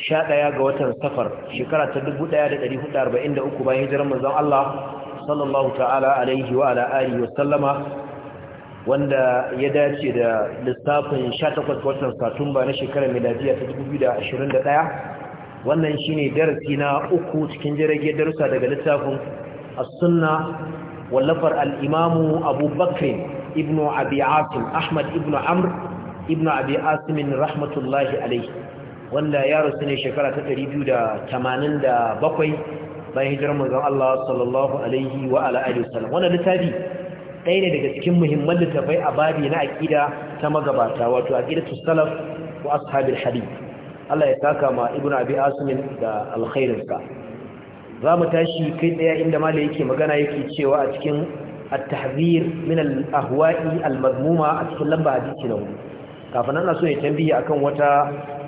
Shaɗaya ga watan safar shekara ta 1443 bayan hijirar manzon Allah sallallahu ta'ala alaihi wa ala alihi wa sallama wanda ya dace da lissafin 18 watan satumba na shekarar miladiya ta 2021 wannan shine darasi na uku cikin jirage darussa daga littafin as-sunna wallafar al-imamu abubakar ibnu abi asim ahmad Ibn amr ibnu abi asim rahmatullahi alaihi wanda ya rasu ne shekara ta 287 bayan hijirar manzon Allah sallallahu alaihi wa ala alihi wasallam wannan littafi ɗaya ne daga cikin muhimman littafai a babi na aƙida ta magabata wato ta salaf wa ashabil hadith Allah ya saka ma ibnu abi asim da alkhairinsa za mu tashi kai ɗaya inda malai yake magana yake cewa a cikin at-tahzir min al-ahwa'i al-madmuma a cikin lamba hadisi na hudu kafin nan so ya tambaye akan wata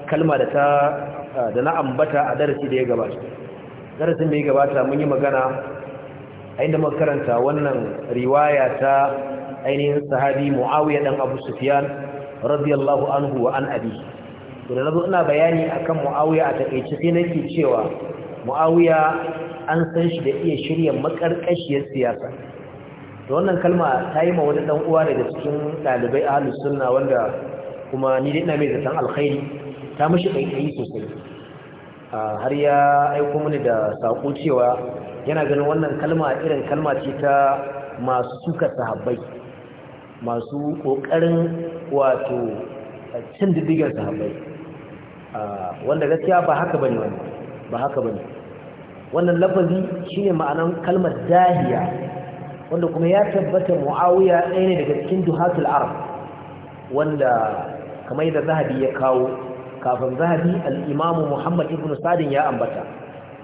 kalma da ta da na ambata a darasi da ya gabata darasin da ya gabata mun yi magana a inda makaranta wannan riwaya ta ainihin sahabi Muawiya dan Abu Sufyan radiyallahu anhu wa an abi to da ina bayani akan Muawiya a takeice sai nake cewa Muawiya an san shi da iya shirya makarkashiyar siyasa to wannan kalma ta yi ma wani dan uwa daga cikin dalibai ahlus sunna wanda kuma ni dai ina mai zaton alkhairi ta mashi ɗaiɗayi sosai har ya aiko mini da saƙo cewa yana ganin wannan kalma irin kalma ce ta masu suka sahabbai masu ƙoƙarin wato cin diddigar sahabbai wanda gaskiya ba haka bane wani ba haka bane wannan lafazi shine ma'anan kalmar dahiya wanda kuma ya tabbata muawiya ɗaya ne daga cikin duhatul arab wanda kamar da zahabi ya kawo kafin zahabi al'imamu muhammad Ibnu sadin ya ambata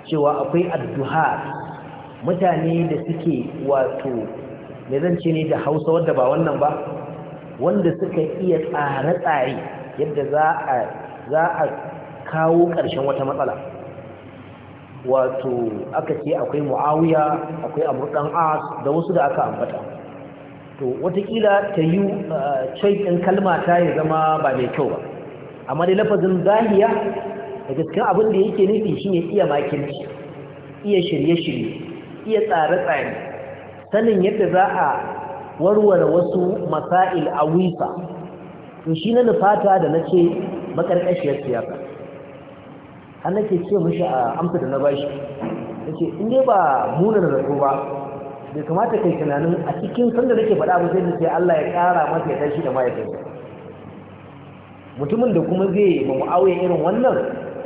cewa akwai adduha mutane da suke wato mai ce ne da hausa wadda ba wannan ba wanda suka iya tsare-tsare yadda za a kawo ƙarshen wata matsala wato aka ce akwai mu'awiya akwai amurkan as da wasu da aka ambata to watakila ta yi eh, caikin kalma ta ya zama ba mai kyau ba amma dai lafazin zahiya da gaskan abin da yake nufi shine iya makinci iya shirye-shirye iya tsare-tsare sanin yadda za a warware wasu masail a wisa to shi na nufata da na ce makarƙashiyar siyasa an nake ce mashi a amsa da na bashi ya ce inda ba munar zato ba bai kamata kai tunanin a cikin sanda nake faɗa ba sai da sai Allah ya ƙara masa ya tashi da mahaifinsa mutumin da kuma zai ba mu'awiya irin wannan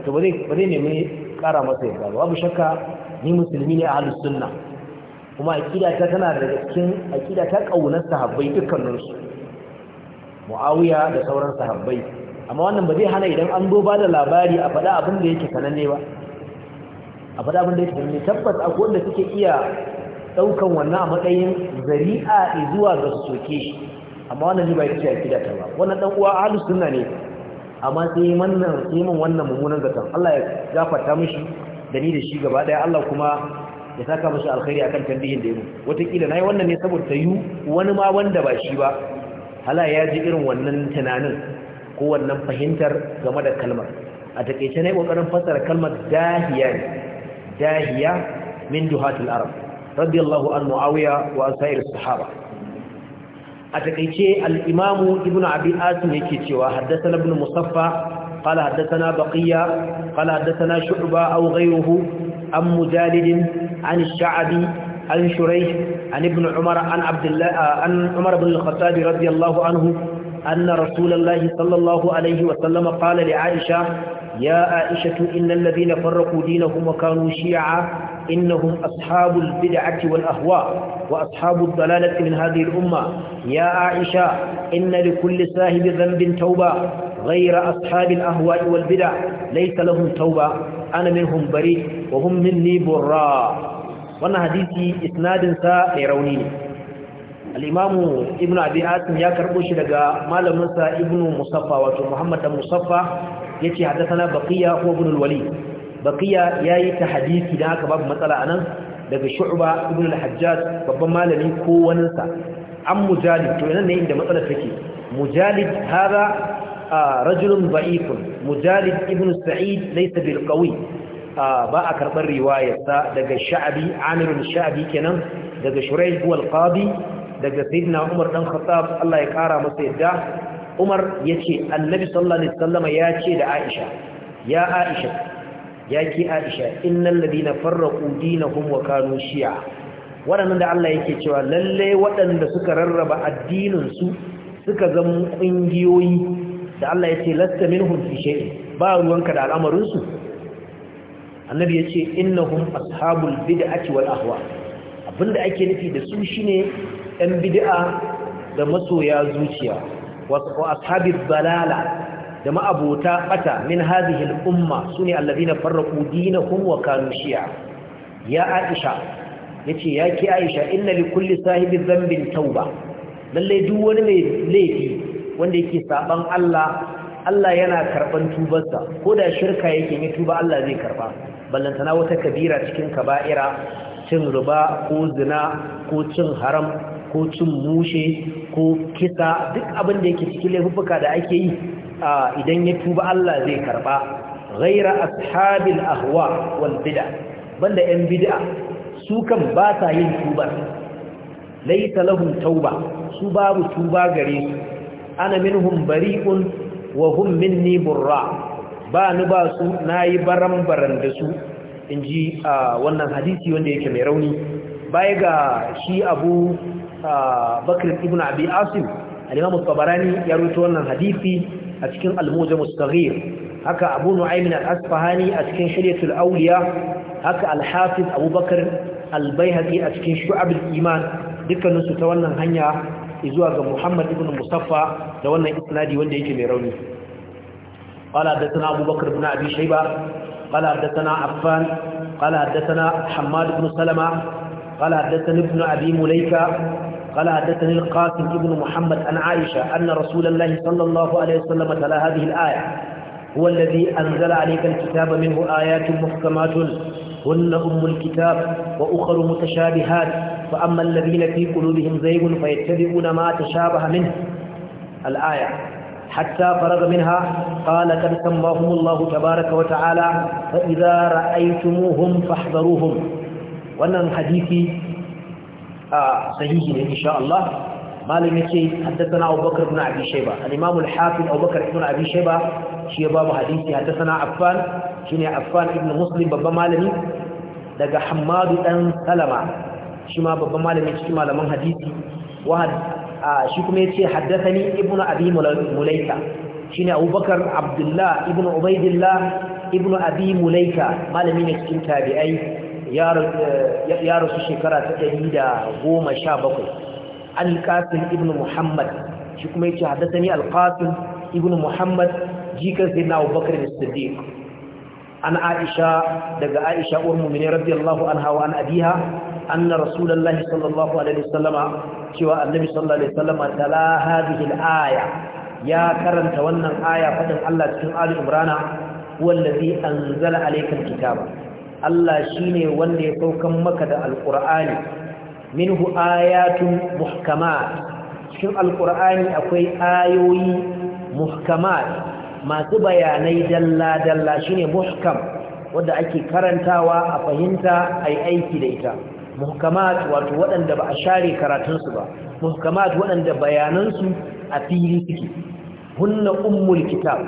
to ba zai nemi kara masa yadda ba babu shakka ni musulmi ne a halin sunna kuma aƙida ta tana daga cikin aƙida ta ƙaunar sahabbai dukkaninsu mu'awiya da sauran sahabbai amma wannan ba zai hana idan an zo ba da labari a faɗa abin da yake sananne ba a faɗa abin da yake sananne tabbas a wanda suke iya ɗaukan wannan a matsayin zari'a zuwa ga soke shi amma wannan ne ba yake aƙida ta ba wannan ɗan uwa ahlus sunna ne amma sai yi wannan yimin wannan mummunan zaton Allah ya gafarta mishi da ni da shi gaba daya Allah kuma ya saka mishi alkhairi akan tambihin da yayi wataƙila yi wannan ne saboda ta yi wani ma wanda ba shi ba hala ya ji irin wannan tunanin ko wannan fahimtar game da kalmar a na nayi kokarin fassara kalmar dahiya ne dahiya min duhatul arab radiyallahu an muawiya wa sa'ir sahaba a takaice al’imamu ibn abu'asu ne ke cewa haddasa ibn musaffa kala haddasa na baƙiya kala haddasa na shuɗuba au gairuhu an mujalidin an sha'adi an shurai an ibn umar an umar ibn al-khattabi radiyallahu anhu أن رسول الله صلى الله عليه وسلم قال لعائشة يا عائشة إن الذين فرقوا دينهم وكانوا شيعا إنهم أصحاب البدعة والأهواء وأصحاب الضلالة من هذه الأمة يا عائشة إن لكل صاحب ذنب توبة غير أصحاب الأهواء والبدع ليس لهم توبة أنا منهم بريء وهم مني براء وأن حديثي إسناد سا لرونيني الإمام ابن أبي آتم يكر أشرق مال منسى ابن مصفى ومحمد مصفى يتي حدثنا بقية هو ابن الوليد بقية ياي تحديثي لها كباب مثلا أنا daga shu'ba ibn al-hajjaj babban malami ko an mujalid to yana ne inda matsalar take mujalid hada rajulun ba'ifun mujalid ibn sa'id laysa bil qawi ba a karbar riwayarsa daga sha'bi amirul sha'bi kenan daga shuraih wal qadi daga sayyidina umar dan khattab Allah ya kara masa yadda umar yace annabi sallallahu alaihi wasallama yace da aisha ya aisha ya ke aisha innan ladina farraku dinahum wa kanu shi'a waɗannan da Allah yake cewa lalle waɗanda suka rarraba su suka zama ƙungiyoyi da Allah ya ce lasta minhum fi shay'in ba ruwanka da al'amarin su annabi ya innahum ashabul bid'ati wal ahwa abinda ake nufi da su shine yan bid'a da masoya zuciya wa ashabil balala da ma'abota bata min hadhihi al-umma sune alladhina farraqu dinahum wa kanu shi'a ya aisha yace ya ki aisha inna li kulli sahibi dhanbin tauba lalle duk wani mai laifi wanda yake saban Allah Allah yana karban tubarsa koda shirka yake ne tuba Allah zai karba ballantana wata kabira cikin kaba'ira cin ruba ko zina ko cin haram ko cin mushe ko kisa duk abin da yake cikin laifuka da ake yi idan ya tuba Allah zai karba ghaira ashabil ahwa wal bid'a banda yan bid'a su kan ba ta yin tuba laita lahum tauba su babu tuba gare su ana minhum bari'un wa hum minni burra ba ni ba su nayi baran baran da su inji wannan hadisi wanda yake mai rauni baya ga shi Abu Bakr ibn Abi Asim al-Imam al-Tabarani ya rawaito wannan hadisi a cikin almuja mujamus haka abu nu'aymin al-asfahani a cikin shari'atul awliya haka al-hafiz abubakar al a cikin shu'abul iman dukkanin su ta wannan hanya zuwa ga muhammad ibn musaffa da wannan isnadi wanda yake mai rauni قال حدثنا أبو بكر بن أبي شيبة قال حدثنا عفان قال حدثنا حماد بن سلمة قال حدثنا ابن قال حدثني القاسم ابن محمد عن عائشة أن رسول الله صلى الله عليه وسلم تلا هذه الآية هو الذي أنزل عليك الكتاب منه آيات محكمات هن أم الكتاب وأخر متشابهات فأما الذين في قلوبهم زيغ فيتبعون ما تشابه منه الآية حتى فرغ منها قال قد سماهم الله تبارك وتعالى فإذا رأيتموهم فاحذروهم وأن الحديث sahihi ne insha Allah malam yake haddathana Abu Bakar ibn Abi Shayba al-Imam al-Hafiz Abu Bakar ibn Abi Shayba shi ya babu hadisi haddathana Affan shine Affan ibn Muslim babban malami daga Hammad dan Salama shi ma babban malami cikin malaman hadisi wa shi kuma yace haddathani ibn Abi Mulaika shine Abu Bakar Abdullah ibn Ubaidillah ibn Abi Mulaika malami ne cikin tabi'ai ya rasu shekara ta ɗari da goma sha bakwai alƙasin ibn muhammad shi kuma ya ce haddasa ni alƙasin ibn muhammad jikan zai na abubakar da siddiq an aisha daga aisha uwar mummune radiyallahu anha wa an abiha An anna rasulullahi sallallahu alaihi sallama. cewa annabi sallallahu alaihi sallama tala hadhihi al-aya ya karanta wannan aya fadin Allah cikin Ali Imran huwa allazi anzala alayka kitaba Allah shine wanda ya saukan maka da alqur'ani minhu ayatun muhkamat cikin alqur'ani akwai ayoyi muhkamat masu bayanai dalla dalla shine muhkam wadda ake karantawa a fahimta ai aiki da ita muhkamat wato waɗanda ba a share karatunsu ba muhkamat waɗanda bayanansu a fili suke hunna ummul kitab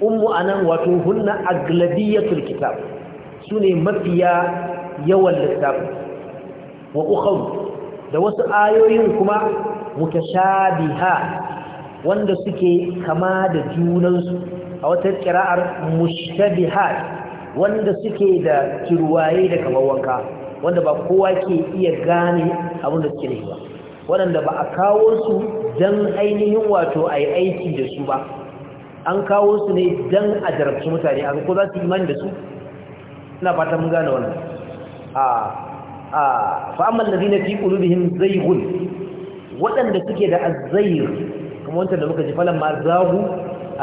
ummu anan wato hunna aglabiyatul kitab su ne mafiya yawan littafi wa ukhaw da wasu ayoyin kuma mutashabiha wanda suke kama da junansu a wata kira'ar mushtabihat wanda suke da kirwaye da kamawanka wanka wanda ba kowa ke iya gane abin da suke nufi ba waɗanda ba a kawo su dan ainihin wato a yi aiki da su ba an kawo su ne dan a jarabci mutane a ko za su imani da su ina fata mun gane wannan a a fa amma alladhina fi qulubihim zayghun waɗanda suke da azzayr kuma wanda da muka ji falan ma zagu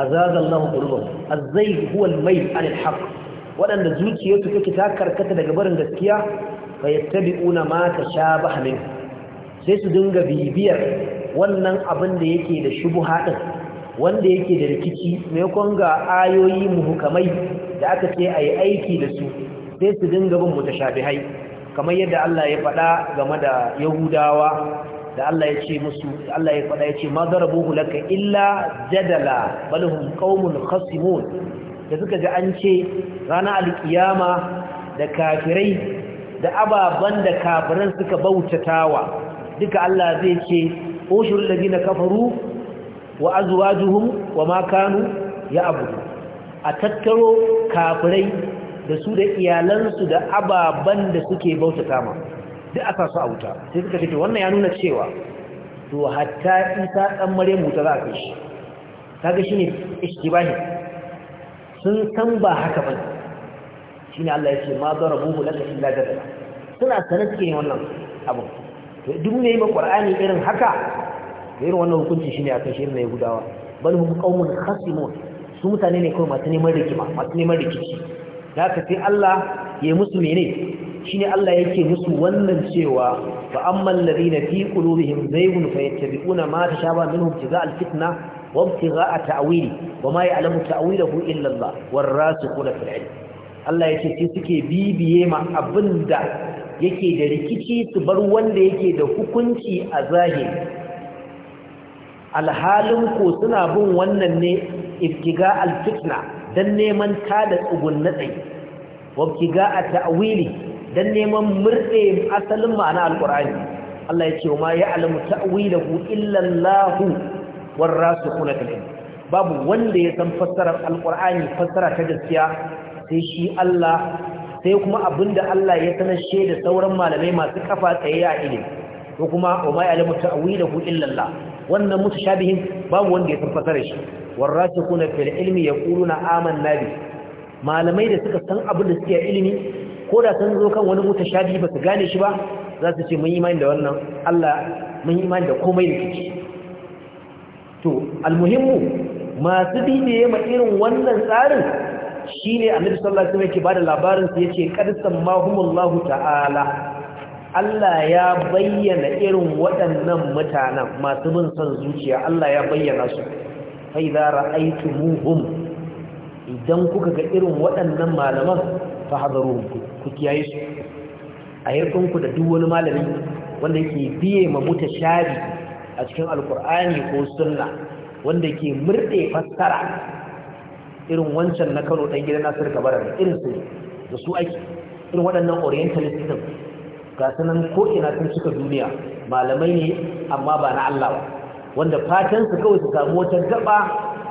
azazallahu qulubahum azzayr huwa al anil haqq waɗanda zuciyarsu take ta karkata daga barin gaskiya fa yattabi'una ma tashabaha min sai su dinga bibiyar wannan abin da yake da shubuha din wanda yake da rikici maimakon ga ayoyi muhukamai da aka ce a yi aiki da su sai su dinga bin hai kamar yadda Allah ya faɗa game da yahudawa da Allah ya ce musu Allah ya faɗa ya ce ma darabuhu laka illa jadala bal hum qaumun khasimun da suka ga an ce ranar alkiyama da kafirai da ababan da kafiran suka bautatawa duka Allah zai ce ushul ladina kafaru wa azwajuhum wa ma kanu ya'budu a tattaro kafirai da su da iyalansu da ababan da suke bautata ma duk aka su a wuta sai suka ce wannan ya nuna cewa to hatta isa dan maryamu ta za a kai shi kaga shine istibahi sun san ba haka bane shine Allah ya ce ma darabuhu laka illa gadala suna sanar ke wannan abu to duk ne mai qur'ani irin haka irin wannan hukunci shine akan shirin na yahudawa bal hum qaumun khasimun su mutane ne kawai masu neman rikima masu neman rikici da ka sai Allah ya musu mene shine Allah yake musu wannan cewa fa ammal ladina fi qulubihim zaygun fayattabi'una ma tashaba minhum tiza alfitna wa ibtigha'a ta'wili wa ma ya'lamu ta'wilahu illa Allah warasikhuna fil ilm Allah yake sai suke bibiye ma abinda yake da rikici su bar wanda yake da hukunci a zahiri alhalin ko suna bin wannan ne ibtiga alfitna dan neman tada tsugun natsai wabtiga a ta'wili dan neman murɗe asalin ma'ana alqur'ani Allah ya ce ma ya'lamu ta'wilahu illa Allah war rasikhuna fil ilm babu wanda ya san fassarar alqur'ani fassara ta gaskiya sai shi Allah sai kuma abinda Allah ya sanashe da sauran malamai masu kafa tsaye a ilimi ko kuma wa ma ya'lamu ta'wilahu illa Allah wannan mutashabihin babu wanda ya da shi warasikuna fil ilmi yaquluna amanna bi malamai da suka san abin da suke ilimi ko da san zo kan wani mutashabi ba su gane shi ba za su ce mun imani da wannan Allah mun imani da komai da kike to almuhimmu masu bibiye ma irin wannan tsarin shine annabi sallallahu alaihi wasallam yake bada labarin sa yace qad sammahumullahu ta'ala Allah ya bayyana irin waɗannan mutanen masu bin son zuciya Allah ya bayyana su fa aiki muhum. idan kuka ga irin waɗannan malaman fa hadaru ku kiyaye su a yarkun ku da duk wani malami wanda yake biye ma shari a cikin alkur'ani ko sunna wanda ke murde fassara irin wancan na Kano dan gidan Nasir Kabara irin su da su ake irin waɗannan orientalist din ga sanan ko ina sun suka duniya malamai ne amma ba na Allah ba wanda fatan su kawai su samu wata gaba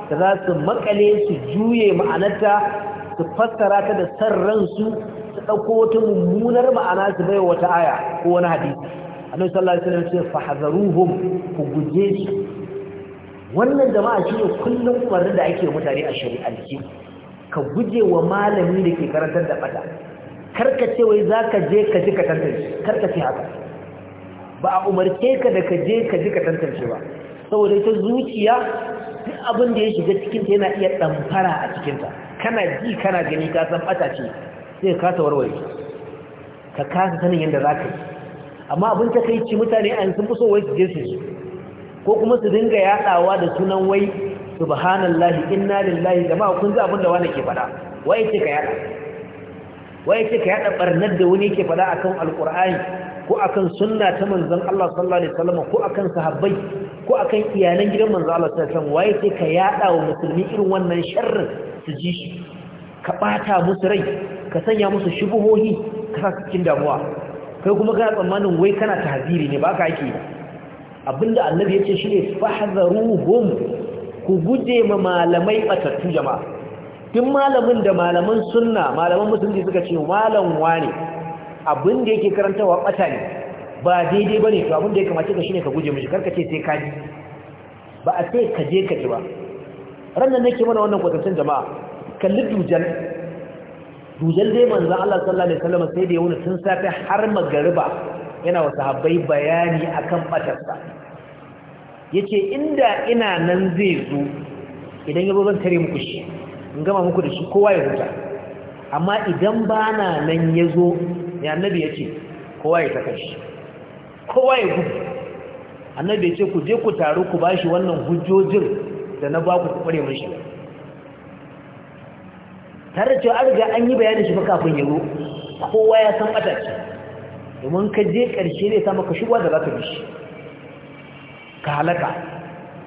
da za su makale su juye ma'anarta su fassara ta da san ransu su ɗauko wata mummunar ma'ana su bai wata aya ko wani hadisi annabi sallallahu alaihi wasallam ce fahzaruhum ku guje su wannan jama'a shine kullum umarnin da ake mutane a shari'a ka guje wa malami da ke karantar da bata karka ce wai za ka je ka ji ka tantance ce haka ba a umarce ka da ka je ka ji ka tantance ba saboda ita zuciya duk abin da ya shiga cikinta yana iya ɗamfara a cikinta kana ji kana gani ka san ɓata ce sai ka kasa warware ka kasa sanin yadda za ka yi amma abin ta kai ci mutane an sun fi so wai su je su ko kuma su dinga yaɗawa da sunan wai subhanallahi inna lillahi jama'a kun ji abin da wani ke faɗa wai ce ka yaɗa waye ce ka yada barnar da wani yake faɗa akan alqur'ani ko akan sunna ta manzon Allah sallallahu alaihi wasallam ko akan sahabbai ko akan iyalan gidan manzon Allah sallallahu alaihi wasallam waye ce ka yada wa musulmi irin wannan sharrin su ji shi ka bata musu rai ka sanya musu shubuhohi ka sa cikin damuwa kai kuma kana tsammanin wai kana tahziri ne ba ka yake abinda annabi yace shine fahzaruhum ku guje ma malamai batattu jama'a duk malamin da malaman sunna malaman musulunci suka ce malam wane abinda yake karantawa bata ne ba daidai ne to abinda ya kamace ka shine ka guje mashi karka ce sai ka ji ba a sai ka je ka ji ba rannan nake mana wannan kwatancin jama'a kalli dujal dujal dai manzo Allah sallallahu alaihi wasallam sai da ya wuni tun safe har magariba yana wa sahabbai bayani akan batarsa yace inda ina nan zai zo idan yazo zan tare muku shi in gama muku da shi kowa ya huta amma idan ba na nan ya zo ya annabi ya ce kowa ya taka shi kowa ya gudu annabi ya ce ku je ku taru ku bashi wannan hujjojin da na ba ku kware mashi tare da cewa an riga an yi bayanin shi kafin ya zo kowa ya san atace. domin ka je ƙarshe ne ta maka shigowa da za ta bi shi ka halaka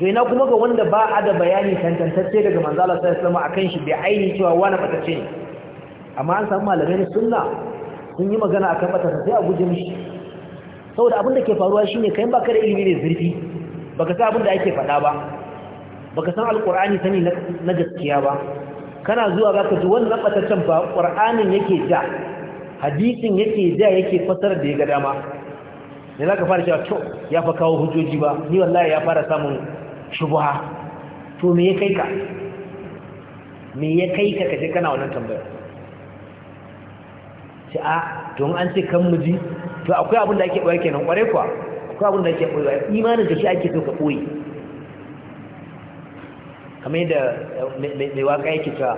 to ina kuma ga wanda ba a da bayani tantance daga manzo Allah sallallahu alaihi wasallam akan shi bai aini cewa wani batacce ne amma an samu malamai na sunna sun yi magana akan batacce sai a guje mishi saboda abin da ke faruwa shine kai baka da ilimi ne zurfi baka san abin da ake faɗa ba baka san alqur'ani sani na gaskiya ba kana zuwa zaka ji wannan bataccen ba qur'anin yake ja hadisin yake ja yake fasara da ya ga dama ne zaka fara cewa to ya fa kawo hujjoji ba ni wallahi ya fara samun shubha to me ya kai ka me ya kai ka kaje kana wannan tambayar ci a ah, don an ce kan muji to akwai abin da ake boye kenan kware kuwa akwai abin da ake boye imanin da shi ake so ka boye kamar yadda eh, mai waka yake cewa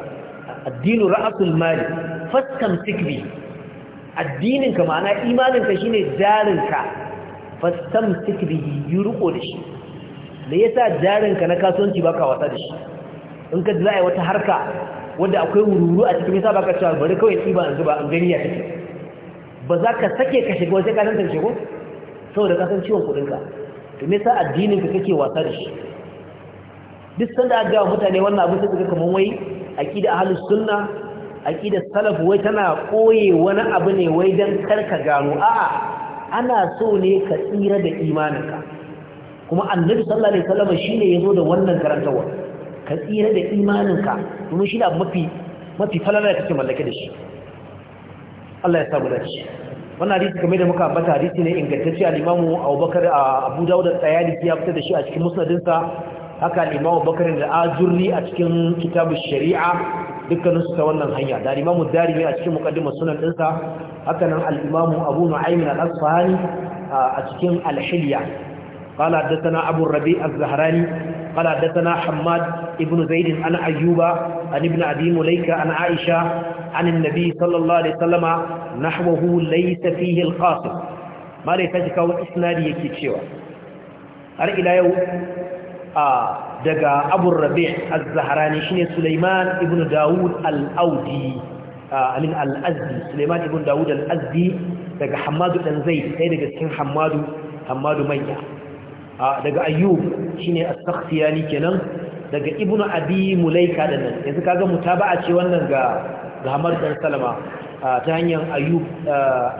addinu ra'asul mali fastamsik bi addinin ka ma'ana imanin ka shine jarin ka fastamsik bi yi riko da shi da ya sa jarinka na kasuwanci ba ka wasa da shi in ka za a yi wata harka wadda akwai wururu a cikin yasa ba ka cewa bari kawai tsiba a zuba in gani ya take ba za ka sake ka shiga wajen kasan tarshe ko saboda kasan ciwon kuɗinka to me yasa addinin ka kake wasa da shi duk sanda aka gawa mutane wannan abin sai suka kaman wai aqida ahlus sunna aqida salaf wai tana koye wani abu ne wai dan karka gano a'a ana so ne ka tsira da imaninka kuma annabi sallallahu alaihi wasallam shine yazo da wannan karantawa ka tsira da imaninka domin shi ne abu mafi mafi falala da kake mallake da shi Allah ya samu dace wannan hadisi kamar da muka ambata hadisi ne ingantacce al-Imam Abubakar Abu Dawud al-Tayalisi ya fitar da shi a cikin musnadin sa haka al-Imam Abubakar da Azurri a cikin kitabu shari'a dukkanin su ta wannan hanya da al-Imam Darimi a cikin muqaddimar sunan din sa haka nan al-Imam Abu Nu'aym al-Asfahani a cikin al-Hilya قال حدثنا أبو الربيع الزهراني قال حدثنا حماد ابن زيد عن أيوب عن ابن أبي مليكة عن عائشة عن النبي صلى الله عليه وسلم نحوه ليس فيه القاصر ما ليس كاو إسنادي يكيتشيوا har ila yau a daga abun rabi al-zaharani shine suleiman ibn dawud al-audi amin al-azdi suleiman ibn dawud al-azdi daga hamadu ɗan zai sai daga cikin hamadu hamadu manya daga ayyub shine as-sakhtiyani kenan daga ibnu abi mulaika da nan yanzu kaga mutaba'a ce wannan ga ga Hamad Salama ta hanyar ayyub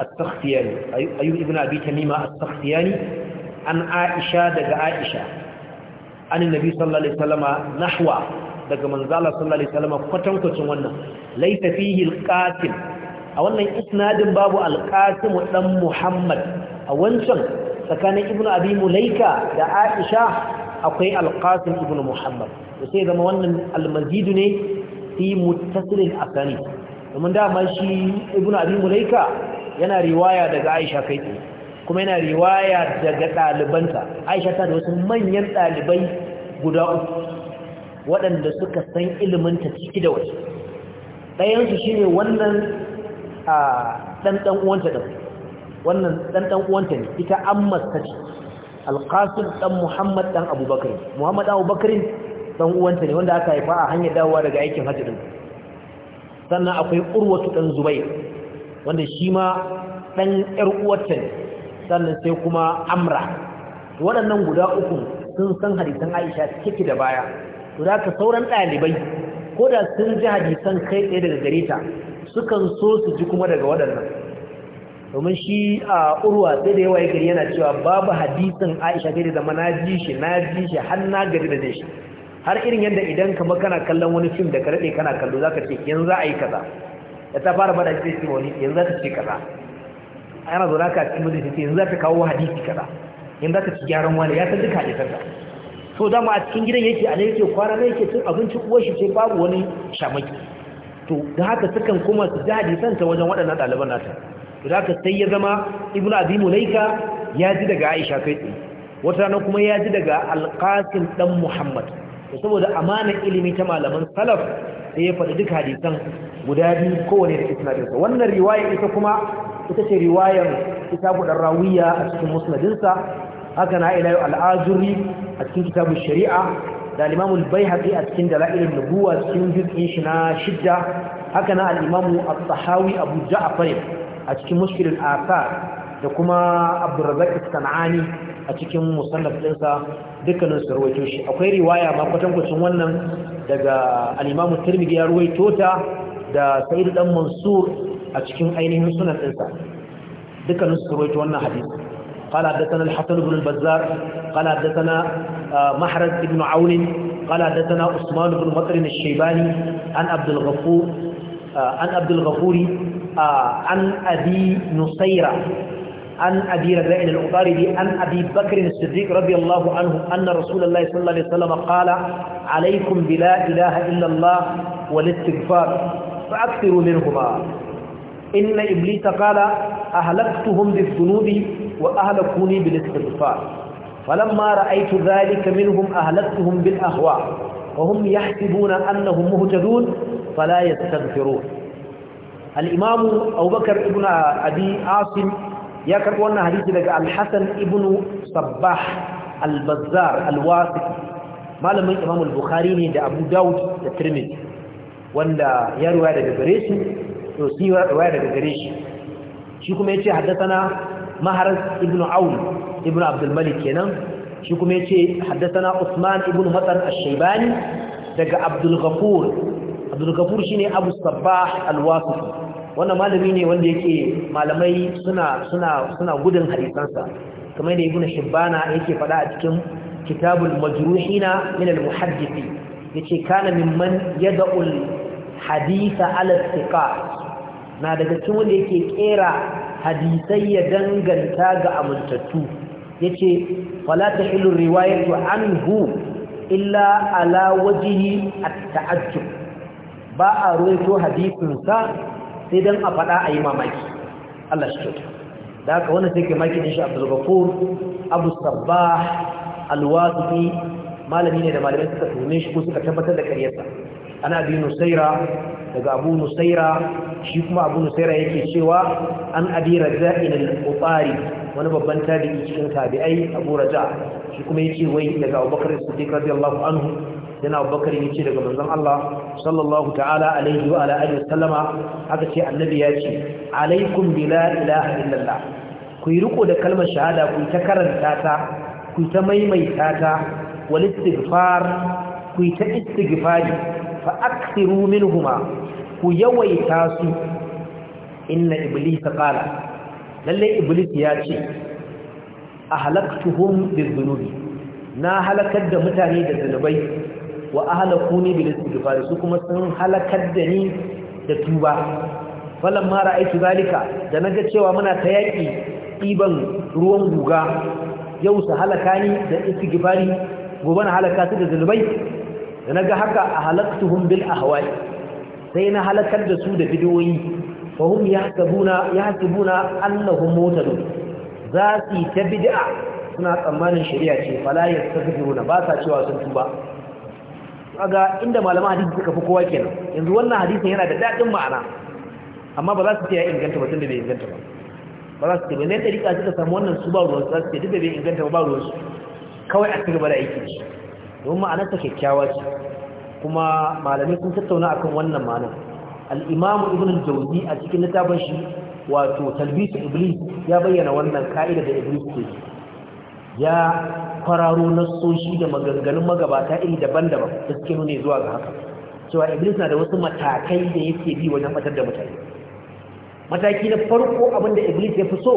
as-sakhtiyani ayyub ibnu abi tamima as-sakhtiyani an aisha daga aisha an nabi sallallahu alaihi wasallama nahwa daga manzala sallallahu alaihi wasallama kwatankwacin wannan laita fihi al a wannan isnadin babu al dan muhammad a wancan tsakanin ibnu abi mulaika da aisha akwai alqasim ibnu muhammad to sai zama wannan almazidu ne fi muttasilin asani domin dama shi ibnu abi mulaika yana riwaya daga aisha kai kuma yana riwaya daga ɗalibanta aisha ta da wasu manyan ɗalibai guda uku waɗanda suka san iliminta ciki da waje. ɗayansu shi ne wannan a ɗanɗan uwanta ɗan wannan dan dan uwanta ne ita ammas tace alqasim dan muhammad dan abubakar muhammad abubakar dan uwanta ne wanda aka haifa a hanyar dawowa daga aikin hajji din sannan akwai urwatu dan zubair wanda shi ma dan yar uwarta ne sannan sai kuma amra waɗannan guda uku sun san hadisan aisha ciki da baya to da ka sauran ɗalibai ko da sun ji hadisan kai tsaye daga gare ta sukan so su ji kuma daga waɗannan domin shi a urwa sai da yawa gari yana cewa babu hadisin aisha gari da na ji shi na ji shi har na gari da shi har irin yadda idan kama kana kallon wani fim da karɗe kana kallo za ka ce yanzu za a yi kaza da ta fara bada ce ce wani yanzu za ta ce kaza A yana zo naka cikin mutum ce yanzu za ta kawo hadisi kaza yanzu za ta ci gyaran wani ya san duka a hadisan ka so dama a cikin gidan yake a yake kwana na yake cin abinci uwar shi ce babu wani shamaki to da haka sukan kuma su ji hadisan ta wajen waɗannan ɗaliban nata to da sai ya zama ibn abi mulaika ya ji daga aisha kai tsaye wata rana kuma ya ji daga alƙasin dan muhammad saboda amanar ilimi ta malaman salaf sai ya faɗi duka hadisan guda biyu kowane da isnadinsa wannan riwaya ita kuma ita ce riwayar kitabu dan rawiya a cikin musnadinsa haka na ila al a cikin kitabu shari'a da al-imamu al-baihaqi a cikin dalailun nubuwa cikin juz'in shi na shidda haka na al-imamu sahawi abu ja'far a cikin mushkilul asar da kuma abdurrazzaq sanani a cikin musannaf ɗinsa dukkanin su rawaito shi akwai riwaya ma kwatankwacin wannan daga al-imam tirmidhi ya rawaito ta da saidu dan mansur a cikin ainihin sunan ɗinsa dukkanin su rawaito wannan hadisi قال حدثنا الحسن بن البزار قال حدثنا محرز بن عون قال حدثنا عثمان بن مطر الشيباني عن عبد الغفور آه، عن عبد الغفور آه، عن أبي نصيرة عن أبي رجاء الأطاردي عن أبي بكر الصديق رضي الله عنه أن رسول الله صلى الله عليه وسلم قال عليكم بلا إله إلا الله والاستغفار فأكثروا منهما إن إبليس قال أهلكتهم بالذنوب وأهلكوني بالاستغفار فلما رأيت ذلك منهم أهلكتهم بالأهواء وهم يحسبون أنهم مهتدون فلا يستغفرون الإمام أبو بكر ابن أبي عاصم يكرر أن حديث لك الحسن ابن صباح البزار الواسط malamin Imam al-Bukhari ne da Abu Dawud da Tirmidhi wanda ya ruwa daga gare shi to shi ruwa daga gare shi shi kuma yace haddathana Maharaz ibn ibn kenan shi kuma yace haddatana Usman ibn Hasan ash-Shaybani daga Abdul Ghafur Abdul Ghafur shine Abu Sabbah al-Wasiti wannan malami ne wanda yake malamai suna suna suna gudun hadisansa kamar da Ibn Shibbana yake faɗa a cikin Kitabul Majruhina min al-Muhaddisi yace kana mimman yad'u al-haditha ala al na daga cikin wanda yake kera hadisai ya danganta ga amintattu yace wala tahillu riwayatu anhu illa ala wajhi at-ta'ajjub ba a ruwaito hadisin sai dan a fada ayi mamaki Allah shi kyauta da haka wannan sai ke maki shi Abdul Ghafur Abu Sabbah Al-Wasifi malami ne da malamai suka tune shi ko suka tabbatar da kariyarsa ana bi nusaira daga abu nusaira shi kuma abu nusaira yake cewa an abira raja ilal wani babban tabi'i cikin tabi'ai abu raja shi kuma yake wai daga abubakar siddiq radiyallahu anhu yana abubakar yace daga manzon Allah sallallahu ta'ala alaihi wa ala alihi sallama Haka ce annabi ya ce alaikum bi la ilaha illallah ku yi riko da kalmar shahada ku ta karanta ta ku ta maimaita ta wal istighfar ku ta istighfari fa akthiru minhuma ku yawaita su inna Iblis qala lalle iblis ya ce ahlaktuhum bizunubi na halakar da mutane da zanubai wa ahlakuni bil su kuma sun halakar da ni da tuba mara ra'aytu zalika da naga cewa muna ta yaki ɗiban ruwan guga yau su halaka ni da istighfari gobe na halaka su da zanubai da naga haka ahlaktuhum bil ahwa'i sai na halakar da su da bidiyoyi fa hum yahsabuna yahsabuna annahum mutadun za su ta bid'a suna tsammanin shari'a ce fala yastaghfiruna ba sa cewa sun tuba kaga inda malaman hadisi suka fi kowa kenan yanzu wannan hadisin yana da dadin ma'ana amma ba za su ce ya inganta ba tunda bai inganta ba ba za su ce ne dariƙa suka samu wannan su ba ruwan su za su ce duk da bai inganta ba ba ruwan su kawai a cigaba da aiki domin ma'anar ta kyakkyawa ce kuma malamai sun tattauna akan wannan malam. al-imam ibn al a cikin littafin shi wato talbisu iblis ya bayyana wannan ka'ida da iblis ke ya kwararo nassoshi da maganganun magabata iri daban-daban da suke nuna zuwa ga haka cewa iblis na da wasu matakai da yake bi wajen fatar da mutane mataki na farko abinda iblis ya fi so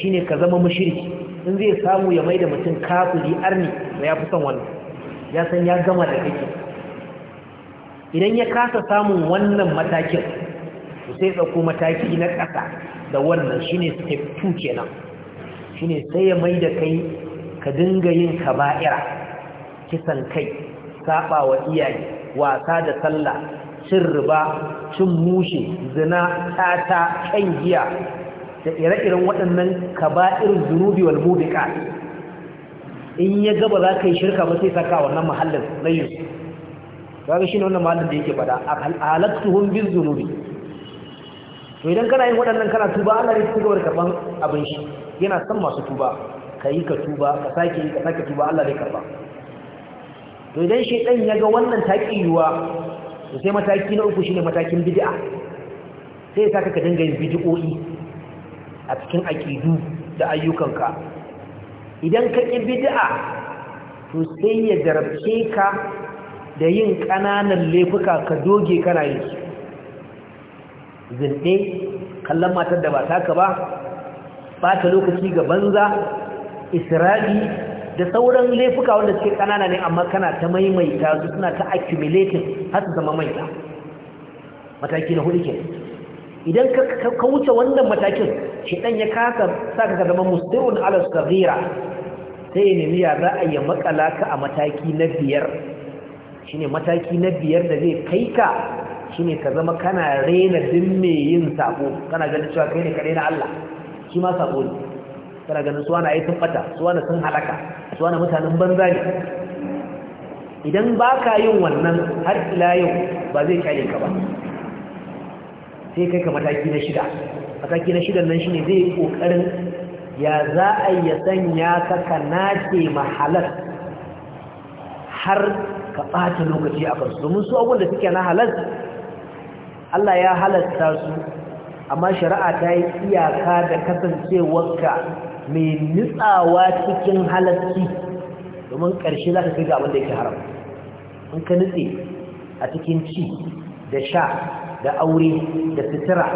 shine ka zama mushriki in zai samu ya maida mutum kafiri arni da ya fi son wannan ya san ya gama da kake idan ya kasa samun wannan matakin sai tsako mataki na ƙasa da wannan shi ne step 2 kenan ne sai ya mai da kai ka dinga yin kaba'ira kisan kai saba wa iyaye wasa da sallah cin riba cin mushe zina tata kan giya da ire-iren waɗannan kaba'ir zunubi wal in ya gaba za ka yi shirka ba sai saka wannan mahallin na kaga shine wannan malamin da yake fada bil zunubi, to idan kana yin waɗannan kana tuba Allah ne tuba ban abin shi yana san masu tuba kai ka tuba ka sake ka sake tuba Allah ne karba to idan dan ya ga wannan takiyuwa to sai mataki na uku shine matakin bid'a sai saka ka dinga yin bid'o'i a cikin aqidu da ayyukanka idan ka yi bid'a to sai ya jarabce ka da yin ƙananan laifuka ka doge kana yi zinɗe kallon matar da ba taka ba ɓata lokaci ga banza isra'i da sauran laifuka wanda suke ƙanana ne amma kana ta maimaita su suna ta accumulating har su zama maita mataki na hulikin idan ka wuce wannan matakin ɗan ya kasa sa ka zama mustirun ala saghira sai ya miya za a yi makala ka a mataki na biyar shine mataki na biyar da zai kai ka shine ka zama kana rena din me yin sako kana ganin cewa kai ne ka rena Allah shi ma sako ne kana ganin suwana ai sun suwana sun halaka suwana mutanen banza ne idan ba ka yin wannan har ila yau ba zai kare ka ba sai kai ka mataki na shida mataki na shidan nan shine zai yi kokarin ya za a yi ya sanya ka ka nace mahalar har ka ɓata lokaci a kansu domin su abin da suke na halas Allah ya halarta su amma shari'a ta yi iyaka da kasancewarka mai nutsawa cikin halarci domin ƙarshe za ka kai ga abin yake haram in ka nutse a cikin ci da sha da aure da sutura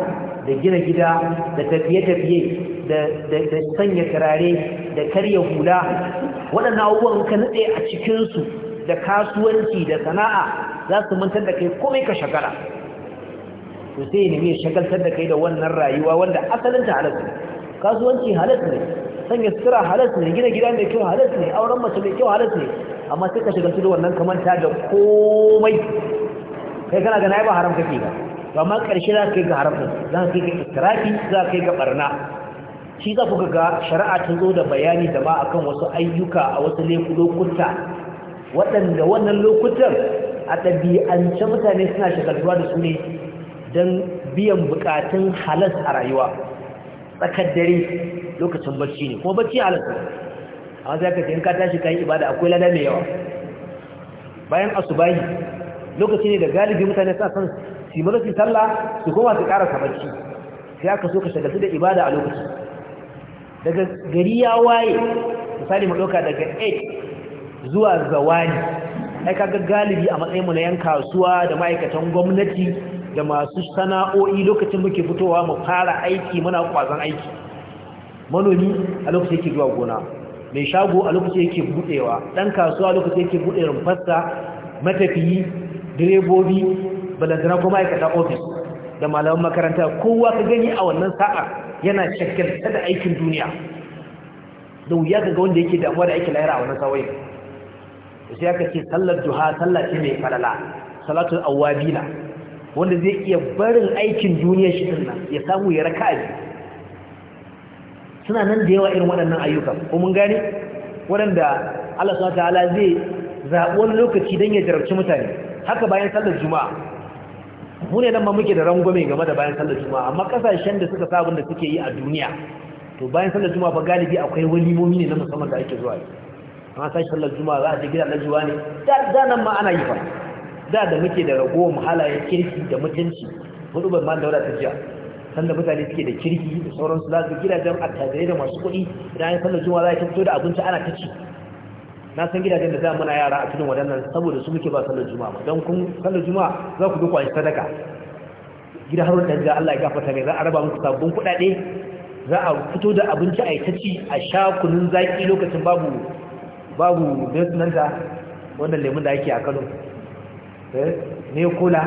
da gina gida da tafiye-tafiye da sanya turare da karya hula waɗannan abubuwan ka nutse a cikinsu da kasuwanci da sana'a za su mantar da kai komai ka shagala to sai ya mai shagaltar da kai da wannan rayuwa wanda asalin ta ne. kasuwanci halatta ne sanya sutura halatta ne gina gida mai kyau halatta ne auren mace mai kyau halatta ne amma sai ka shagaltu da wannan kamanta da komai kai kana ga na ba haram kake ba to amma karshe za ka kai ga haramta za ka kai ga istirafi za ka kai ga barna shi za ku ga shari'a ta zo da bayani da ma akan wasu ayyuka a wasu lokuta waɗanda wannan lokutan a ɗabi'ance mutane suna shagaltuwa da su ne don biyan bukatun halas a rayuwa tsakar dare lokacin barci ne kuma barci halas ne. a wasu yaka in ka tashi kayan ibada akwai lada mai yawa bayan bayi lokaci ne da galibi mutane suna son su yi sallah su koma su karasa barci, sai aka so ka shagaltu da ibada a lokaci daga gari ya waye misali mu ɗauka daga 8 zuwa zawani ai kaga galibi a matsayinmu na yan kasuwa da ma'aikatan gwamnati da masu sana'o'i lokacin muke fitowa mu fara aiki muna kwazon aiki manomi a lokacin yake zuwa gona mai shago a lokacin yake budewa dan kasuwa a lokacin yake bude rumfarsa matafiyi direbobi balantana ko ma'aikata ofis da malaman makaranta kowa ka gani a wannan sa'a yana shakkar da aikin duniya da wuya ga wanda yake damuwa da aikin lahira a wannan sa'a sai aka ce sallar duha sallah ce mai farala salatul awabina wanda zai iya barin aikin duniya shi din nan ya samu ya raka abi suna nan da yawa irin waɗannan ayyuka ko mun gane waɗanda Allah subhanahu ta'ala zai zaɓi wani lokaci don ya jarabci mutane haka bayan sallar juma'a mu ne nan ma muke da rangwame game da bayan sallar juma'a amma kasashen da suka sabon da suke yi a duniya to bayan sallar juma'a ba galibi akwai walimomi ne na musamman da ake zuwa an san sallar juma'a za a je gidan alhaji ne. da da nan ma ana yi fa da da muke da ragowar halayen kirki da mutunci hudu ba ma daura ta jiya sanda mutane suke da kirki da sauransu za su gidajen attajirai da masu kuɗi idan an sallar juma'a za a fito da abinci ana ta ci na san gidajen da za na yara a cikin waɗannan saboda su muke ba sallar juma'a ba don kun sallar juma'a za ku duka sadaka gida har da ga Allah ya gafarta mai za a raba muku sabbin kuɗaɗe za a fito da abinci a yi ta ci a sha kunun zaki lokacin babu babu mai wannan lemun da ake a kano eh, ne kula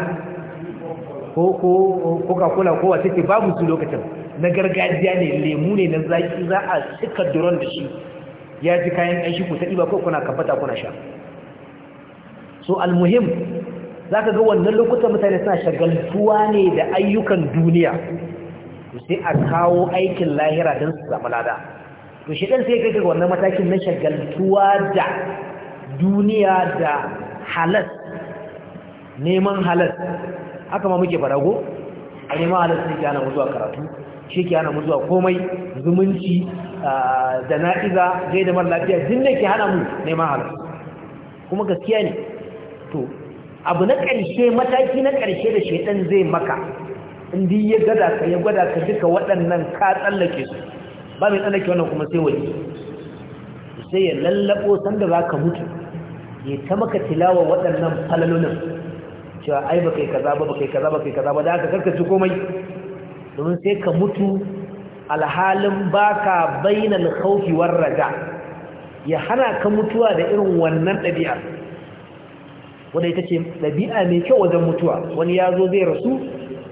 ko ka cola ko babu su lokacin na gargajiya ne lemu ne na zaki za a cika duron da shi ya ji kayan ɗan shi ta ɗiba ko kuna kafata kuna sha so almuhim za ka ga wannan lokutan mutane suna shagaltuwa ne da ayyukan duniya sai a kawo aikin lahira don su zama lada to shi ɗan sai kai kaga wannan matakin na shagaltuwa da duniya da halas neman halas haka ma muke farago a neman halas sai kana mu mutuwa karatu shi ke hana mu zuwa komai zumunci da na'iza gai da mara lafiya jin da ke hana mu neman halal kuma gaskiya ne to abu na ƙarshe mataki na ƙarshe da shedan zai maka indi ya gada ka ya gwada ka duka waɗannan ka tsallake su ba mai tsanake wannan kuma sai wani. sai ya lallabo sanda za ka mutu ya ta maka tilawa waɗannan falalunan cewa ai ba kai kaza ba ba kai kaza ba kai kaza ba da aka karkaci komai domin sai ka mutu alhalin baka bainan khawfi war raja ya hana ka mutuwa da irin wannan ɗabi'a wanda ita ce ɗabi'a mai kyau wajen mutuwa wani ya zo zai rasu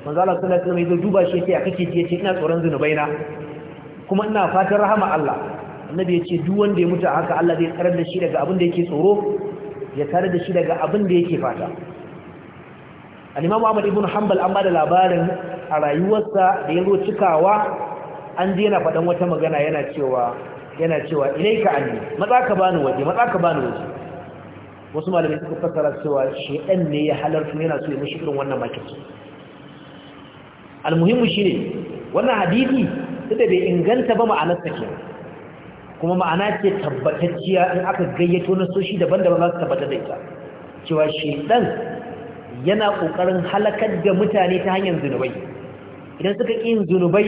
manzo suna sallallahu alaihi duba shi ya ce kake ce ina tsoron na. kuma ina fatan rahama Allah annabi yace duk wanda ya mutu haka Allah zai tarar da shi daga abin da yake tsoro ya tarar da shi daga abin da yake fata al-imam Ahmad ibn Hanbal an da labarin a rayuwarsa da yazo cikawa an je yana fadan wata magana yana cewa yana cewa ilaika anni matsaka bani waje matsaka bani waje wasu malamai suka fassara cewa shedan ne ya halarta yana so ya mishi irin wannan makirci almuhimmu shine wannan hadisi da bai inganta ba ma'anar sa kuma ma'ana ce tabbatacciya in aka gayyato na soshi daban-daban za su tabbatar da ita cewa shaidan yana ƙoƙarin halakar da mutane ta hanyar zunubai idan suka ƙi yin zunubai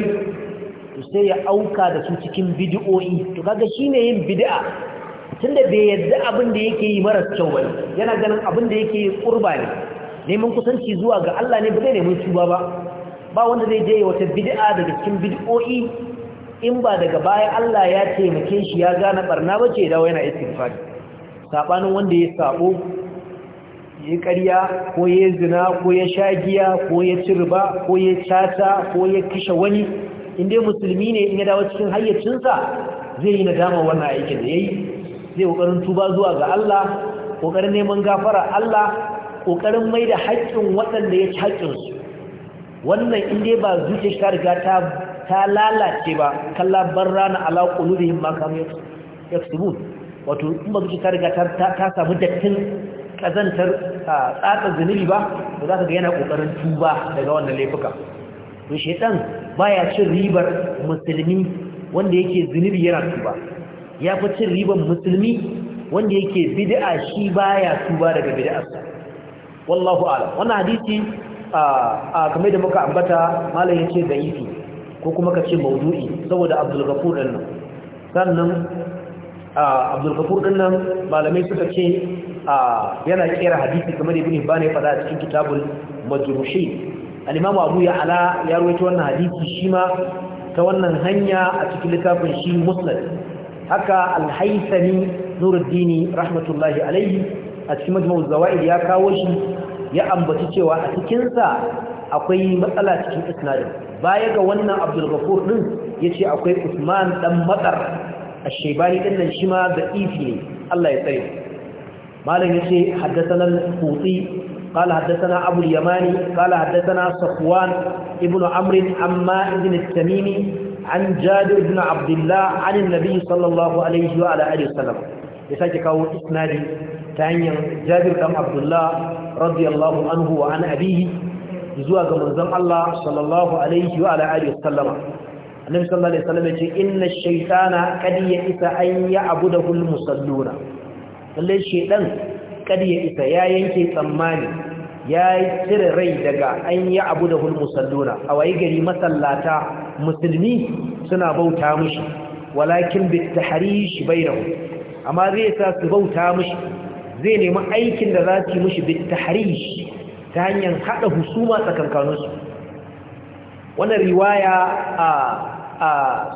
to sai ya auka da su cikin bidi'o'i, to kaga shi ne yin bidi'a, tunda bai yadda abin da yake yi mara kyau bane yana ganin abin da yake yi kurba ne neman kusanci zuwa ga Allah ne ba zai nemi tuba ba ba wanda zai je wata bid'a daga cikin bid'o'i in ba daga baya Allah ya taimake shi ya gane barna bace da yana istighfar sabanin wanda ya sabo ya ƙarya ko ya zina ko ya shagiya ko ya cirba ko ya cata ko ya kishe wani inda musulmi ne in ya dawo cikin hayyacinsa zai yi nadama wannan aikin da yayi zai ƙoƙarin tuba zuwa ga Allah ƙoƙarin neman gafara Allah ƙoƙarin mai da haƙƙin waɗanda ya ci haƙƙinsu wannan in dai ba zuciya ta riga ta lalace ba kalla bar rana ala qulubihim ma kam yaksubun wato in ba zuciya ta riga ta ta samu dattin kazantar tsatsa zunubi ba to zaka ga yana kokarin tuba daga wannan laifuka to shaytan baya cin ribar musulmi wanda yake zunubi yana tuba ya fi cin ribar musulmi wanda yake bid'a shi baya tuba daga bid'arsa wallahu a'lam wannan hadisi a kamar da muka ambata malam ya ce da'ifi ko kuma ka ce maudu'i saboda abdulgafur ɗin nan sannan abdulgafur ɗin nan malamai suka ce yana kera hadisi kamar da ibini bane fada a cikin kitabul majrushi al'imamu abu ya ala ya ruwaito wannan hadisi shi ma ta wannan hanya a cikin littafin shi musnad haka alhaisani nuruddini rahmatullahi alaihi a cikin majmu'uz zawaid ya kawo shi ya ambaci cewa a cikinsa akwai matsala cikin isna'il baya ga wannan abdulgafur ɗin ya ce akwai usman dan matsar a shebari din nan shi ma da ifi ne allah ya tsaye malam ya ce haddasana kutsi kala haddasana abu yamani kala haddasana safuwan ibn amrin amma izin tamimi an jadu ibn abdullah anin nabi sallallahu alaihi wa alaihi wasallam ya sake kawo isna'il ta hanyar jabir dan abdullah radiyallahu anhu wa an abihi zuwa ga manzon Allah sallallahu alaihi wa ala alihi sallama annabi sallallahu alaihi wasallam yace inna ash-shaytana qad ya'isa an ya'budahu al-musalluna lalle shaytan qad ya'isa ya yanke tsammani ya cire rai daga an ya'budahu al-musalluna awai gari masallata musulmi suna bauta mishi walakin bit tahrish bainahu amma zai sa su bauta mishi zai nemi aikin da za su yi mushi bit ta hanyar hada husuma tsakankanin wannan riwaya a a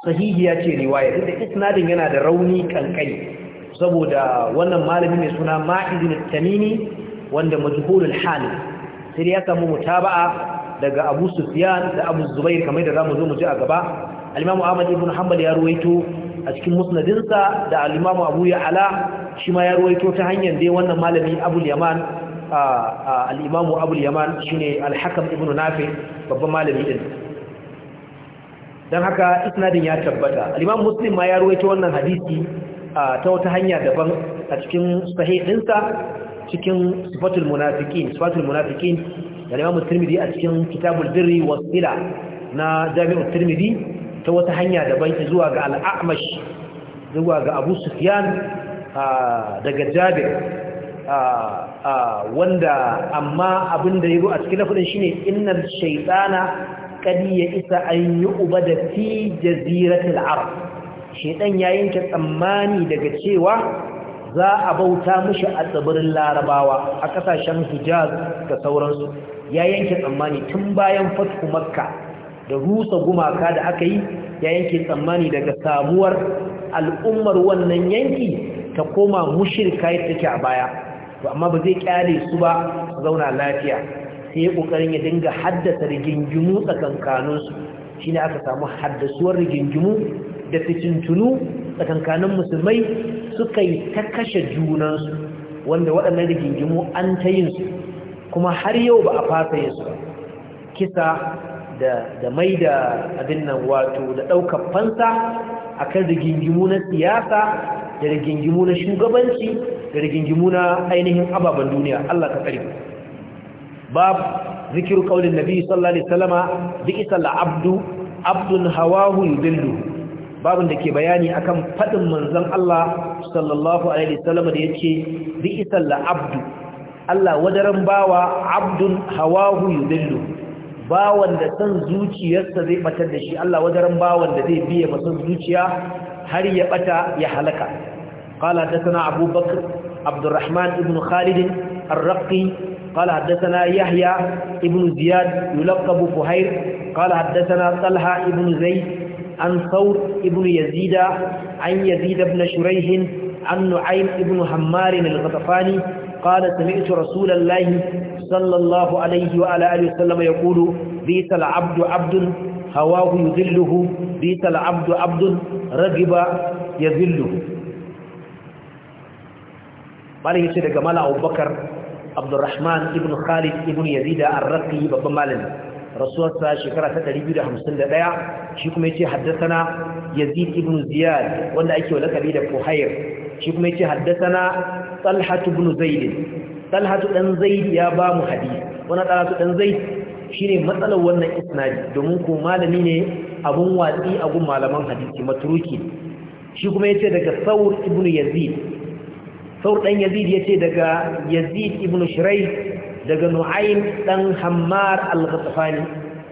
sahihiya ce riwaya duk isnadin yana da rauni kankani saboda wannan malami ne suna ma'izin wanda majhulul hal sai ya samu mutaba'a daga Abu Sufyan da Abu Zubair kamar da zamu zo mu ji a gaba al-Imam Ahmad ibn Hanbal ya ruwaito a cikin musnadinsa da al Abuya'ala, shima shi ma ya ruwaito ta hanyar dai wannan malami abul yaman al-imamu yaman shine al ibnu ibn nafi babban malami din Don haka isnadin ya tabbata al muslim ma ya ruwaito wannan hadisi ta wata hanya daban a cikin sahih cikin sifatul Munafikin, sifatul munafikin da Imam Tirmidhi a cikin Kitabul Birri wasila na Jami'ut Tirmidhi ta wata hanya daban zuwa ga al'amash zuwa ga abu sufyan daga jabir wanda amma abin da ya zo a cikin lafudin ne inar shaytana kadi ya isa an yi uba da fi jaziratul arab shaytan ya yanke tsammani daga cewa za a bauta mushi a tsibirin larabawa a kasashen hijaz da sauransu ya yanke tsammani tun bayan fatku makka da rusa gumaka da aka yi ya yanke tsammani daga samuwar al'ummar wannan yanki ta koma mushirka yi take a baya to amma ba zai kyale su ba su zauna lafiya sai kokarin ya dinga haddasa rigingimu tsakankanin su shine aka samu haddasuwar rigingimu da fitintunu tsakankanin musulmai suka yi ta kashe junansu wanda waɗannan rigingimu an ta yin su kuma har yau ba a fasa yin su kisa da mai da abin nan wato da ɗaukar fansa akan rigingimu na siyasa da rigingimu na shugabanci da rigingimu na ainihin ababen duniya Allah ka tsari bab zikir kaulin nabi sallallahu alaihi wasallama bi'sa al-abdu abdun hawahu yudillu babin da ke bayani akan fadin manzon Allah sallallahu alaihi wasallama da yake bi'sa al-abdu Allah wadaran bawa abdun hawahu yudillu bawan da san zuciyarsa zai batar da shi Allah wadaran bawan da zai biya masa zuciya har ya bata ya halaka qala hadathana abu bakr ibn khalid ar-raqi qala hadathana yahya ibn ziyad yulqab fuhair qala hadathana talha ibn zayd an thawr ibn yazida an yazid ibn shurayh an nu'aym ibn hammar al-ghatafani قال سمعت رسول الله صلى الله عليه وعلى آله وسلم يقول بيت العبد عبد هواه يذله بيت العبد عبد رغب يذله malin yace daga mala abubakar abdurrahman ibn khalid ibn yazid ar-raqi babban malami rasuwarsa shekara ta 251 shi kuma yace haddathana Yazid ibn Ziyad wanda ake walakabi da Fuhair shi kuma yace haddathana Talha ibn Zaid Talha dan Zaid ya ba mu hadisi wannan Talha dan Zaid shine matsalar wannan isnadi domin ko malami ne abun watsi a gun malaman hadisi matruki shi kuma yace daga Saur ibn Yazid Saur dan Yazid ya ce daga Yazid ibn Shuraih daga nu'aym dan hammar al-ghatafani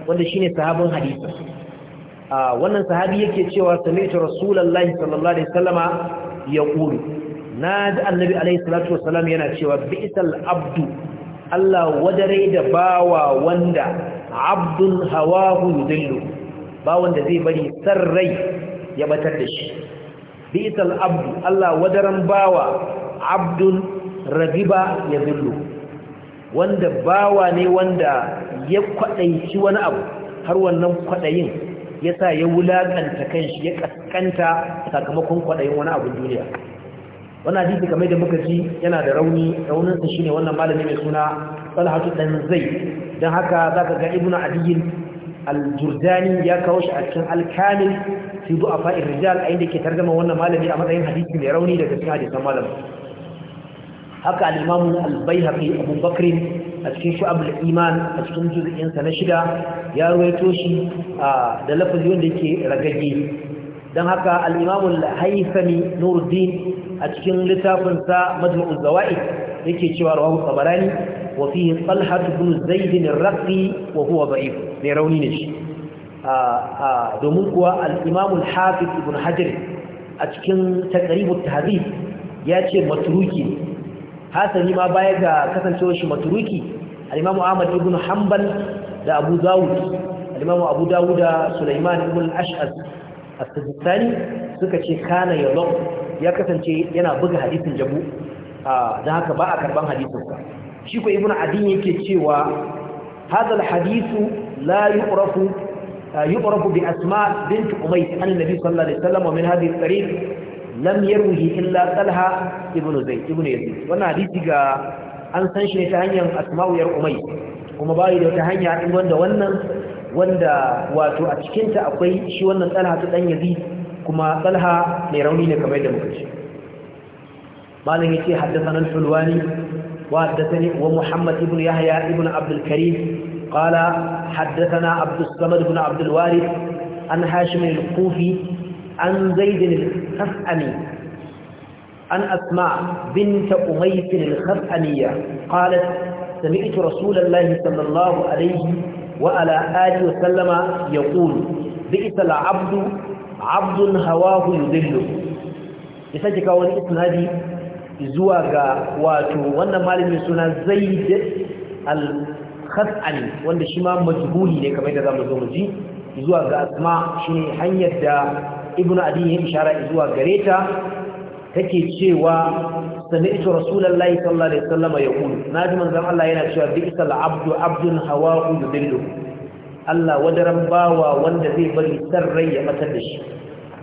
wanda shine sahabban hadisi wannan sahabi yake cewa sami'tu rasulullahi sallallahu alaihi wasallama yaqulu naji annabi alaihi salatu wasallam yana cewa bi'sal abdu Allah wadare da bawa wanda abdun hawahu yudillu bawan da zai bari sarrai ya batar da shi bi'sal abdu Allah wadaran bawa abdun ragiba yadillu wanda bawa ne wanda ya kwaɗaici wani abu har wannan kwaɗayin ya sa ya wulaƙanta kanshi ya ƙasƙanta sakamakon kwaɗayin wani abu duniya wannan hadisi kamar da muka ji yana da rauni rauninsa shi ne wannan malami mai suna talhatu ɗan zai don haka za ka ga ibn adiyin aljurdani ya kawo shi a cikin alkamil fi du'afa irrijal a inda ke targama wannan malami a matsayin hadisi mai rauni daga cikin hadisan malamin haka al-imamu al-baihaqi abu bakr a cikin shu'abul iman a cikin juz'in sa na shida ya ruwaito shi da lafazi wanda yake ragage Don haka al-imamu al nuruddin a cikin littafin sa majmu'uz zawaid yake cewa rawahu tabarani wa fihi tsalhatu ibn zaid ar wa huwa da'if ne rauni ne shi domin kuwa al-imamu ibn hajar a cikin taqribut tahdhib ya ce maturuki. hasani ma baya ga kasancewar shi maturuki al-imam ahmad ibn hanbal da abu dawud al-imam abu dawud da sulaiman ibn al-ash'az as suka ce kana yadhu ya kasance yana buga hadisin jabu da haka ba a karban hadisin sa shi ko ibn adin yake cewa hadha al-hadithu la yu'rafu yu'rafu bi asma bint umays an nabi sallallahu alaihi wasallam min hadhihi al-tariq lam yarwihi illa talha ibn zayd ibn yazid wannan hadisi ga an san shi ne ta hanyar asma'u yar umay kuma bai da ta hanya in wanda wannan wanda wato a cikin ta akwai shi wannan talha ta dan yazid kuma talha mai rauni ne kamar da muka ce malam yace haddathana al-hulwani wa haddathani wa muhammad ibn yahya ibn abd al-karim قال حدثنا عبد الصمد بن عبد an عن هاشم الكوفي an zaidin al-khasani an asma binta umayyah al-khasaniya qalat sami'tu rasulallahi sallallahu alayhi wa ala alihi wa sallama yaqulu bi'sa al-'abdu 'abdun hawahu yudillu isaki ka wani isnadi zuwa ga wato wannan malamin suna zaid al-khasani wanda shi ma majhuli ne kamar da zamu zo mu ji zuwa ga asma shine hanyar da Ibnu adi ya ishara zuwa gare ta take cewa sami'tu rasulullahi sallallahu alaihi wasallam yaqulu naji manzon Allah yana cewa bi'sal abdu abdun hawa'u yudillu Allah wadaran bawa wanda zai bari sarrai ya matar da shi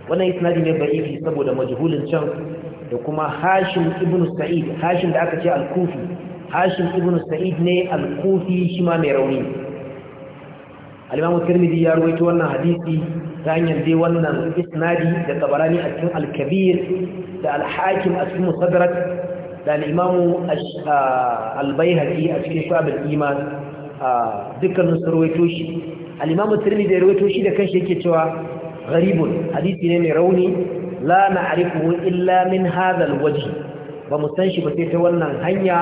wannan isnadi ne ba'ifi saboda majhulin can da kuma Hashim ibnu Sa'id Hashim da aka ce al-Kufi Hashim ibn Sa'id ne al-Kufi shi ma mai rauni Alimamu imam tirmidhi ya rawaito wannan hadisi ta hanyar dai wannan isnadi da tabarani a cikin al-kabir da al-hakim a cikin musaddarat da al-imam al-baihaqi a cikin shu'ab al-iman dukkanin su rawaito shi al tirmidhi ya rawaito shi da kanshi yake cewa gharibun hadisi ne mai rauni la na'rifuhu illa min hadha al-wajh ba mu san shi ba sai ta wannan hanya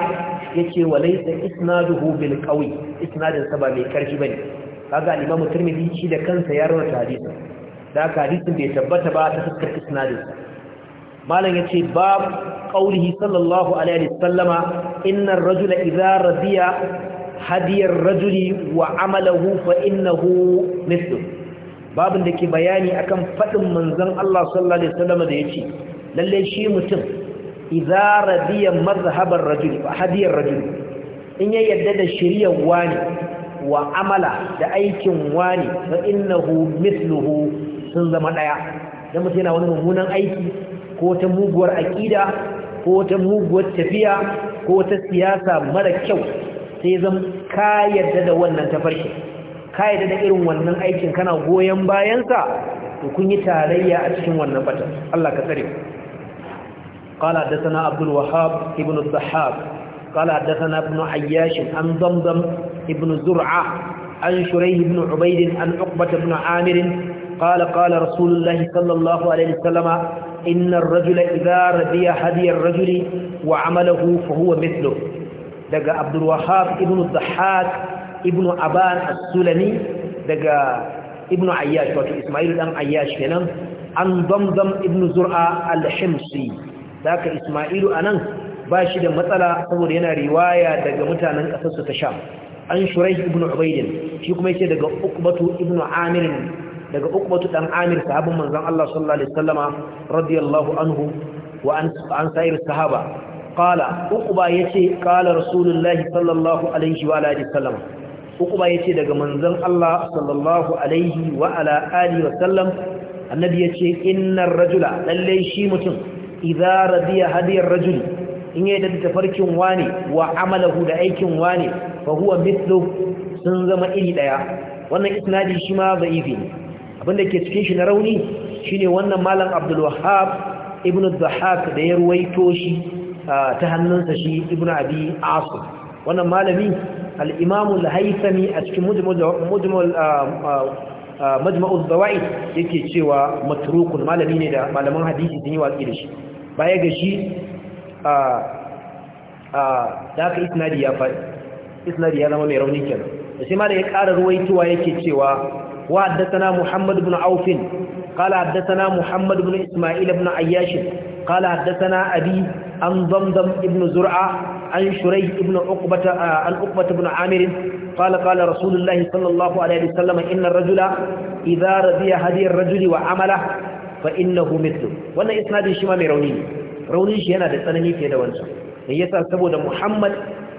yace walaysa isnaduhu bil qawi isnadin sa ba mai karfi bane kaga al-Imam Tirmidhi shi da kansa ya rawaita hadisin da hadisin bai tabbata ba ta fuskar isnadin malam yace bab qaulihi sallallahu alaihi wasallama inna ar-rajula idza radiya hadiyar rajuli wa amalahu fa innahu mithlu babin da ke bayani akan fadin manzon Allah sallallahu alaihi wasallama da yace lalle shi mutum idza radiya madhhabar rajuli hadiyar rajuli in ya yadda da shiriyar wani wa amala da aikin wani fa innahu mithluhu sun zama daya dan mutum yana wani mummunan aiki ko ta muguwar aƙida, ko ta muguwar tafiya ko ta siyasa mara kyau sai zan ka da wannan tafarki ka yarda da irin wannan aikin kana goyen bayansa to kun yi tarayya a cikin wannan bata Allah ka tsare قال حدثنا عبد الوهاب ابن الضحاك قال حدثنا ابن عياش عن ضمضم بن زرعة عن شريح بن عبيد عن عقبة بن عامر قال قال رسول الله صلى الله عليه وسلم إن الرجل إذا رضي هدي الرجل وعمله فهو مثله دقى عبد الوهاب ابن الضحاك ابن أبان السلمي دقى ابن عياش وكي إسماعيل الأم عياش هنا عن ضمضم ابن زرعة الحمصي ذاك إسماعيل أنا باشد مثلا صور هنا رواية دقى متانا أسسة شام an shuraih ibn ubayd shi kuma yace daga ukbatu ibn amir daga ukbatu dan amir sahabban manzon Allah sallallahu alaihi wasallama radiyallahu anhu wa an an sa'ir sahaba qala ukba yace qala rasulullahi sallallahu alaihi wa alihi wasallama ukba yace daga manzon Allah sallallahu alaihi wa ala alihi wasallam annabi yace innar rajula lalle shi mutum idza radiya hadiyar rajuli in yi da tafarkin wane wa amalahu da aikin wane fa huwa mithlu sun zama iri daya wannan isnadi shi ma da'ifi abinda ke cikin shi na rauni shine wannan malam Abdul Wahhab ibn Dhahhak da ya ruwaito shi ta hannunsa shi ibn Abi Asim wannan malami al-Imam al-Haythami a cikin mujmal mujmal majma'uz zawaid yake cewa matrukun malami ne da malaman hadisi sun yi watsi da shi baya ga shi a ta ka isnadi ya faɗi ya zama mai raunin da shi ma da ya ƙara ruwaituwa yake cewa wa haddasana muhammadu bin aufin kala haddasana muhammadu bin ismail bin ayyashin kala haddasana abi an zamzam ibn zura'a an shurai ibn al'ukubata bin amirin kala kala rasulullahi sallallahu alaihi sallama inna rajula idara biya hadiyar rajuli wa amala fa innahu mitu wannan isnadi shi ma mai rauni raunin shi yana da tsanani fiye da wancan me yasa saboda Muhammad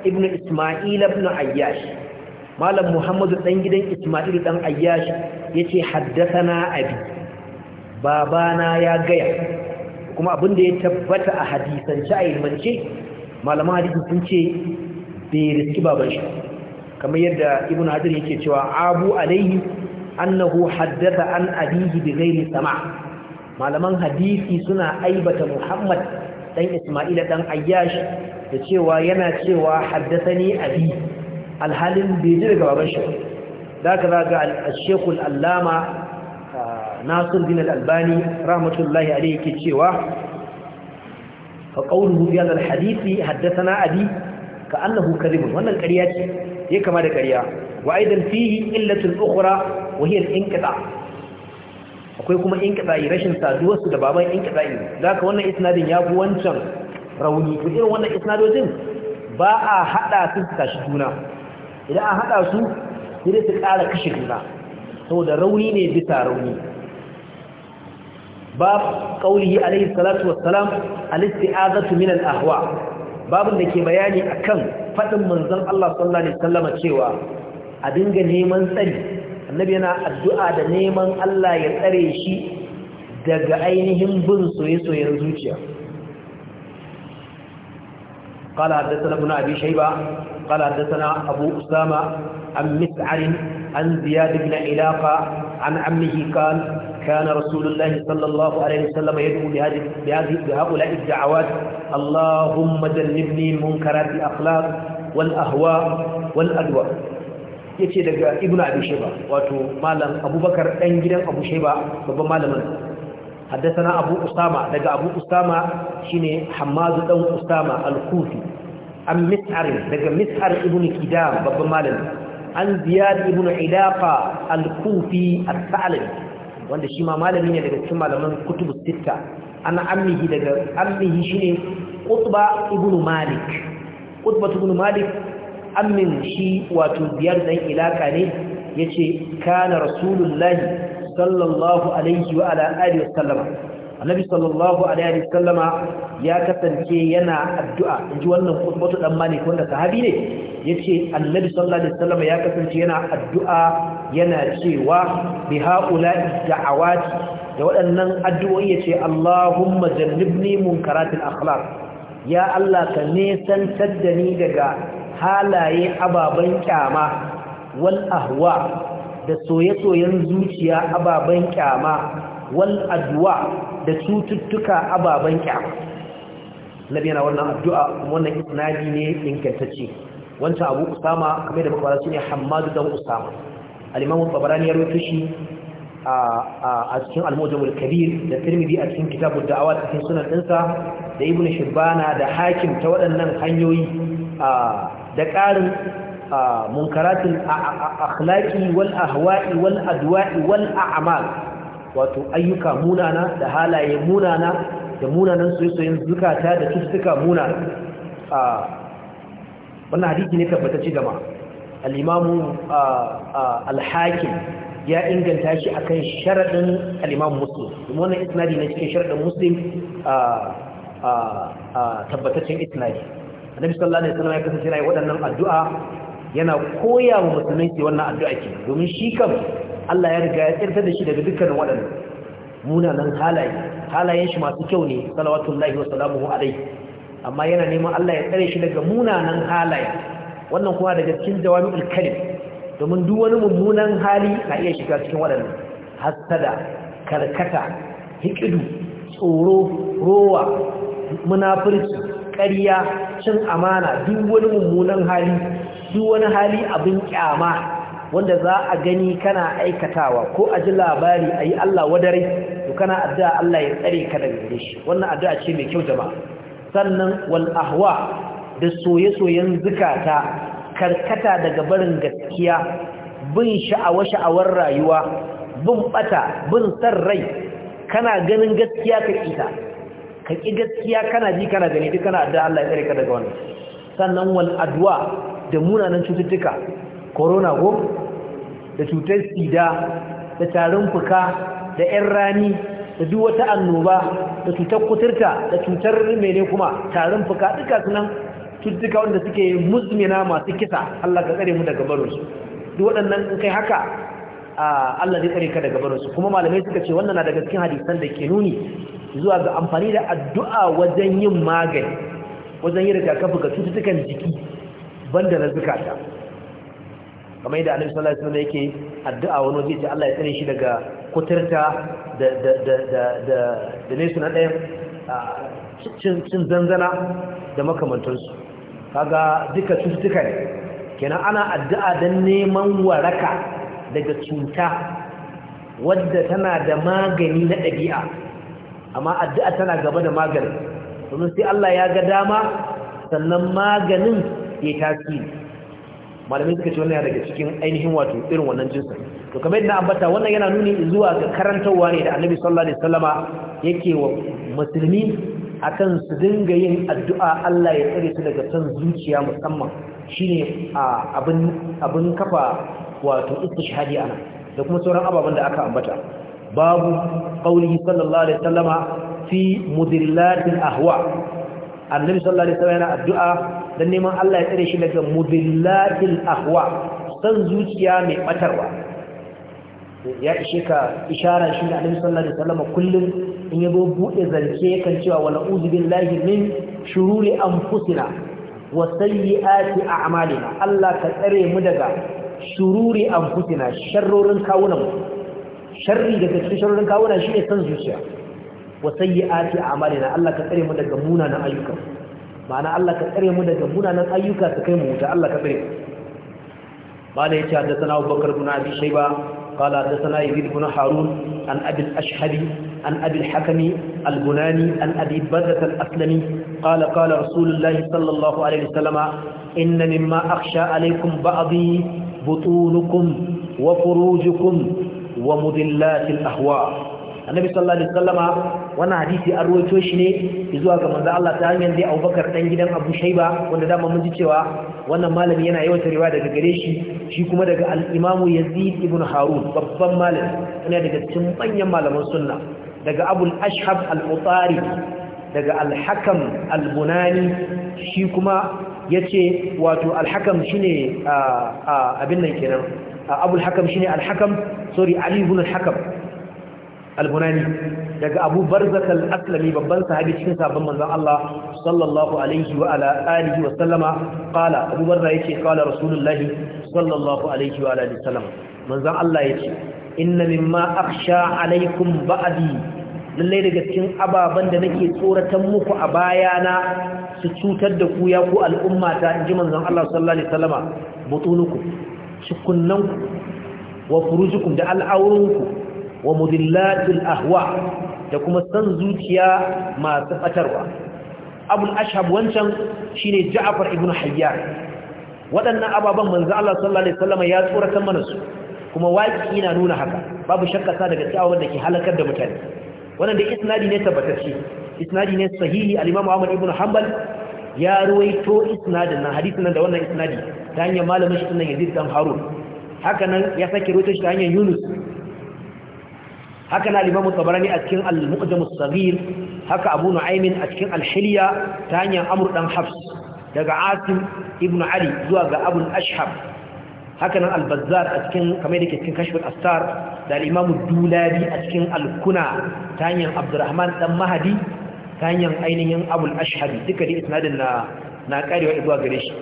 ibn Isma'il ibn Ayyash malam Muhammadu dan gidan Isma'il dan Ayyash yace haddathana abi babana ya gaya kuma abin da ya tabbata a hadisance a ilmance malaman hadisi sun ce bai riski baban shi kamar yadda ibn hadir yake cewa abu alaihi annahu haddatha an abihi bi ghairi sama' malaman hadisi suna aibata muhammad dan isma'ila dan ayyash da cewa yana cewa haddathani abi alhalin bai ji daga baban shi da ka zaga al-shekul allama ah, nasir bin al-albani rahmatullahi alaihi ke cewa fa qawluhu fi hadha al-hadisi haddathana abi ka annahu kadhib wannan kariya ce yake kama da ƙarya wa aidan fihi illatun ukhra wa hiya al-inqita akwai kuma in kaɗa'i rashin saduwarsu da baban in kaɗa'i za ka wannan isnadin ya fi wancan rauni ko irin wannan isnadojin ba a haɗa su su juna idan an haɗa su sai su ƙara kashe juna saboda rauni ne bisa rauni ba ƙaulihi alaihi salatu wassalam alisti azatu min al-ahwa babun da ke bayani akan faɗin manzon Allah sallallahu alaihi wasallam cewa a dinga neman tsari annabi yana addu'a da neman Allah ya tsare shi daga ainihin bin soye-soyen zuciya قال حدثنا ابن أبي شيبة قال حدثنا أبو أسامة عن مسعر عن زياد بن علاقة عن عمه قال كان رسول الله صلى الله عليه وسلم يدعو بهذه بهؤلاء الدعوات اللهم جنبني منكرات الأخلاق والأهواء والأدواء yace daga ibnu abi shayba wato malam abubakar dan gidan abu shayba babban malamin حدثنا أبو أسامة ɗan usama أسامة شيني حماد دون أسامة الكوفي عن مسعر دقى مسعر ابن كدام بابا مالن عن زياد ابن علاقة wanda shi ma malami ne daga cikin malaman kutubu sitta ana ammihi daga ammihi shine Qutba ibn Malik Qutba ibn Malik Amin shi wato biyar dan ilaka ne yace kana rasulullahi sallallahu alaihi wa ala alihi wasallama annabi sallallahu alaihi sallama ya kasance yana addu'a inji wannan kutbatu dan malik wanda sahabi ne yace annabi sallallahu alaihi wasallama ya kasance yana addu'a yana cewa bi haula'i da'awati da waɗannan addu'o'i yace Allahumma jannibni munkaratil akhlaq ya Allah ka nesantar da ni daga halaye ababen kyama wal ahwa da soye-soyen zuciya ababen kyama wal adwa da cututtuka ababen kyama nabi yana wannan addu'a wannan isnadi ne ingantacce wancan abu usama kamar da muka shine hammadu dan usama al-imamu tabarani ya rawaito shi a cikin al kabir da tirmidhi a cikin da'awa da'awat cikin sunan ɗinsa da Ibn shibbana da hakim ta waɗannan hanyoyi da ƙarin munkaratin akhlaqi wal ahwa'i wal adwa'i wal a'mal wato ayyuka munana da halaye munana da munanan soyayyen zukata da cututtuka munana wannan hadisi ne tabbatacce jama'a al-imamu al-hakim ya inganta shi akan sharadin al-imam muslim kuma wannan isnadi ne cikin sharadin muslim tabbataccen isnadi annabi sallallahu alaihi wasallam ya kasance yana waɗannan addu'a yana koya wa musulmai ce wannan addu'a ce domin shi kam Allah ya riga ya tsirtar da shi daga dukkanin waɗannan munanan halaye halayen shi masu kyau ne salawatullahi wa salamuhu alaihi amma yana neman Allah ya tsare shi daga munanan halaye wannan kuma daga cikin jawami'ul kalim domin duk wani mummunan hali na iya shiga cikin waɗannan hassada karkata hikidu tsoro rowa munafurci ƙarya cin amana duk wani mummunan hali duk wani hali abin kyama wanda za a gani kana aikatawa ko a ji labari a yi Allah wadare to kana addu'a Allah ya tsare ka daga gare shi wannan addu'a ce mai kyau jama'a sannan wal ahwa da soye-soyen zukata karkata daga barin gaskiya bin sha'awa-sha'awar rayuwa bin ɓata bin san rai kana ganin gaskiya ka ita ka ƙi gaskiya kana ji kana gani duk kana addu'a Allah ya tsare ka daga wannan sannan wal adwa da munanan cututtuka corona ko da cutar sida da tarin fuka da ƴan rani da duk wata annoba da cutar kuturta da cutar mene kuma tarin fuka duka sunan cututtuka wanda suke muzmina masu kisa Allah ka tsare mu daga su duk waɗannan in kai haka ah, Allah zai tsare ka daga barinsu kuma malamai suka ce wannan na daga cikin hadisan da ke nuni zuwa ga amfani da addu'a wajen yin magani wajen yin rigakafi ga cututtukan jiki banda na zukata kamar yadda alif sallallahu alaihi yake addu'a wani waje ce Allah ya tsare shi daga kuturta da nesu na ɗaya cin zanzana da Ka kaga duka cututtukan kenan ana addu'a don neman waraka daga cuta wadda tana da magani na ɗabi'a amma addu'a tana gaba da magani domin sai Allah ya ga dama sannan maganin ya tasiri malamin suka ce wannan daga cikin ainihin wato irin wannan jinsa to kamar yadda ambata wannan yana nuni zuwa ga karantarwa ne da Annabi sallallahu alaihi wasallama yake wa musulmi akan su dinga yin addu'a Allah ya tsare su daga san zuciya musamman shine abin abin kafa wato istishhadi ana da kuma sauran ababen da aka ambata babu qaulihi sallallahu alaihi wasallama fi mudillatil ahwa annabi sallallahu alaihi wasallam yana addu'a dan neman Allah ya tsare shi daga mudillatil ahwa san zuciya mai batarwa ya ishe ka ishara shi da annabi sallallahu alaihi wasallam kullun in yazo bude zance kan cewa wala uzu billahi min shururi anfusina wa sayyiati a'malina Allah ka tsare mu daga shururi anfusina sharrorin kawunan mu sharri daga cikin sharrin kawuna shine san zuciya wa sayyi'ati a'malina Allah ka tsare mu daga munanan ayyuka ma'ana Allah ka tsare mu daga munanan ayyuka su kai mu wuta Allah ka tsare قال يتحدثنا أبو بكر بن أبي شيبة قال حدثنا يزيد بن هارون Harun? An الأشهب عن an الحكم البناني عن an بردة الأسلمي قال قال رسول الله sallallahu alaihi عليه وسلم إن مما أخشى عليكم بعضي بطونكم وفروجكم wa mudillatil ahwa annabi sallallahu alaihi wasallama wannan hadisi an ruwaito shi ne zuwa ga manzo Allah ta hanyar dai Abubakar dan gidan Abu Shayba wanda da mun ji cewa wannan malami yana yawan riwaya daga gare shi shi kuma daga al-Imam Yazid ibn Harun babban malami yana daga cikin manyan malaman sunna daga Abu al-Ashhab al-Utari daga alhakam albunani shi kuma ya ce wato alhakam shi ne abin nan kenan abul hakam shi ne alhakam sorry alihun alhakam albunani daga abu barzak al'aslami babban sahabi cikin sabon manzan Allah sallallahu alaihi wa ala alihi wa sallama kala abu barza ya ce kala rasulullahi sallallahu alaihi wa alihi sallama manzan Allah ya ce inna mimma aksha alaikum ba'adi lallai daga cikin ababen da nake tsoratan muku a bayana su cutar da ku ya ku al'umma ta Allah sallallahu alaihi wasallama wa furujukum da al'aurunku wa mudillatul ahwa da kuma san zuciya masu fatarwa abul ashab wancan shine ja'afar ibn hayyan waɗannan ababen manzo Allah sallallahu alaihi ya tsorata mana su kuma waƙi na nuna haka babu shakka daga cewa da ke halakar da mutane wannan da isnadi ne tabbatacce isnadi ne sahihi al-Imam Ahmad ibn Hanbal ya ruwaito isnadin nan hadisin nan da wannan isnadi ta hanyar malamin shi sunan Yazid dan Harun haka nan ya sake ruwaito shi ta hanyar Yunus haka na al-Imam Tabarani a cikin al-Muqaddam as-Saghir haka Abu Nu'aym a cikin al-Hilya ta hanyar Amr dan Hafs daga Asim ibn Ali zuwa ga Abu al-Ashhab haka nan albazar a cikin kamar da ke cikin kashfin astar da al'imamu dulabi a cikin alkuna ta hanyar abdurrahman dan mahadi ta hanyar ainihin abul ashhabi duka da isnadin na na karewa zuwa gare shi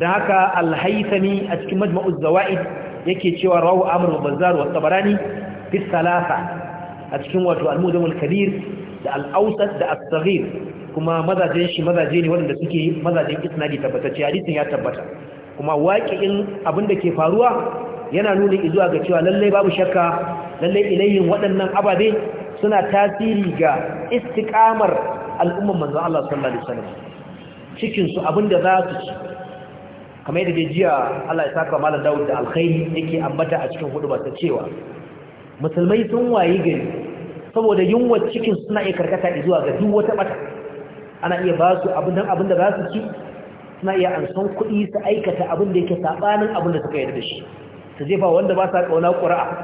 don haka alhaithami a cikin majma'uz zawa'id yake cewa rawu amur wa bazar wa tabarani fi salasa a cikin wato al kabir da al da as-saghir kuma mazajen shi mazaje ne wanda suke mazajen isnadi tabbatacce hadisin ya tabbata kuma waƙi'in abin da ke faruwa yana nuna izuwa ga cewa lallai babu shakka lallai ilayhin waɗannan ababe suna tasiri ga istiƙamar al'umman manzon Allah sallallahu alaihi wasallam cikin su abin da za su ci kamar yadda dai jiya Allah ya saka malam Dawud da alkhairi yake ambata a cikin hudu ta cewa musulmai sun waye gari saboda yunwa cikin suna iya karkata izuwa ga duk wata bata ana iya ba su abin da za su ci suna iya ansan kuɗi su aikata abin da yake saɓanin abin da suka yarda da shi su jefa wanda ba sa ƙauna ƙura'a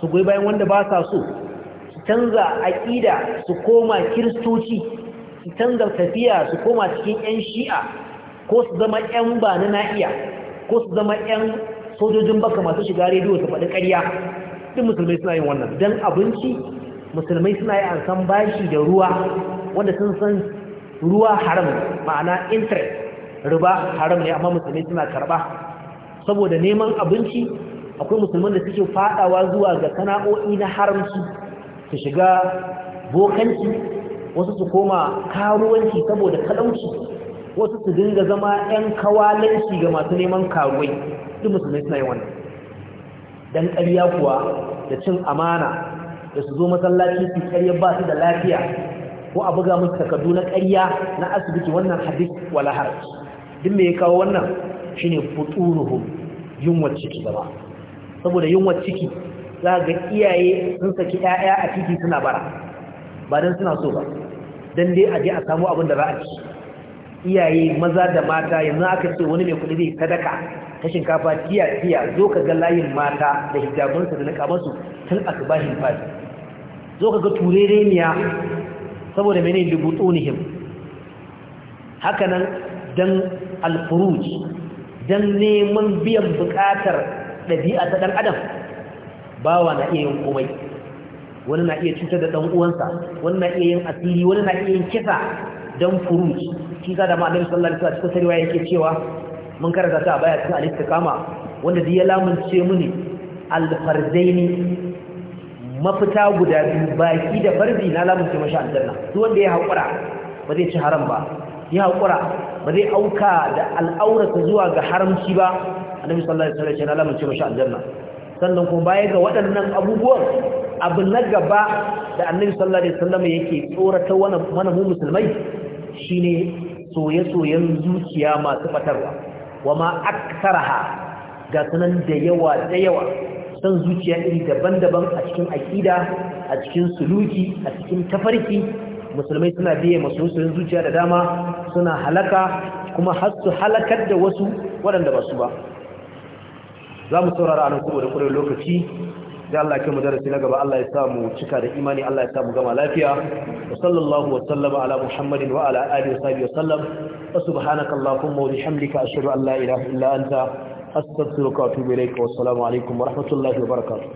su goyi bayan wanda ba sa so su canza aƙida su koma kiristoci su canza tafiya su koma cikin 'yan shi'a ko su zama 'yan ba na na'iya ko su zama 'yan sojojin baka masu shiga rediyo su faɗi ƙarya duk musulmai suna yin wannan don abinci musulmai suna yi an san bashi da ruwa wanda sun san ruwa haram ma'ana interest riba haram ne amma musulmi suna karba saboda neman abinci akwai musulman da suke fadawa zuwa ga sana'o'i na haramci su shiga bokanci wasu su koma karuwanci saboda kalauci wasu su dinga zama 'yan kawalanci ga masu neman karuwai duk musulmi suna yawan wannan dan ƙarya kuwa da cin amana da su zo masallaci su ƙarya ba su da lafiya ko a buga musu takardu na ƙarya na asibiti wannan hadis wala haram. duk me ya kawo wannan shine futuruhum yunwar ciki gaba saboda yunwar ciki za ga iyaye sun saki 'ya'ya a titi suna bara ba dan suna so ba dan dai a je a samu abin da za a ci iyaye maza da mata yanzu aka ce wani mai kuɗi zai sadaka ta shinkafa tiya tiya zo ka ga layin mata da su da na su tun asbahin fadi zo ka ga turereniya saboda menene dubu tsunihim hakanan don alfuruj, don neman biyan bukatar ɗabi'a ta ɗan adam bawa na iya yin komai wani na iya cutar da ɗan'uwansa wani na iya yin asiri wani na iya yin kisa don furuji kisa da ma'adar sallar a cikin sarewa yake cewa mun karanta ta a baya cikin kama? wanda zai ya lamunce mini alfardaini mafita guda biyu baki da farzi na lamunce mashi aljanna duk wanda ya haƙura ba zai ci haram ba ya haƙura ba zai auka da al'aurata zuwa ga haramci ba annabi sallallahu alaihi wasallam ya lamunce aljanna sannan kuma baya ga waɗannan abubuwan abu na gaba da annabi sallallahu alaihi wasallam yake tsorata wani mu musulmai shine soye-soyen zuciya masu fatarwa ma aktaraha ga sanan da yawa da yawa san zuciya iri daban-daban a cikin aƙida, a cikin suluki a cikin tafarki musulmai suna biye musulun zuciya da dama suna halaka kuma har su halakar da wasu waɗanda ba su ba za mu saurara a nan saboda kuɗin lokaci da Allah ke mu darasi na gaba Allah ya sa mu cika da imani Allah ya sa mu gama lafiya wa sallallahu wa sallama ala muhammadin wa ala alihi wa sahbihi wa sallam wa subhanaka allahumma wa bihamdika ashhadu an la ilaha illa anta astaghfiruka wa atubu ilayk wa assalamu alaikum wa rahmatullahi wa barakatuh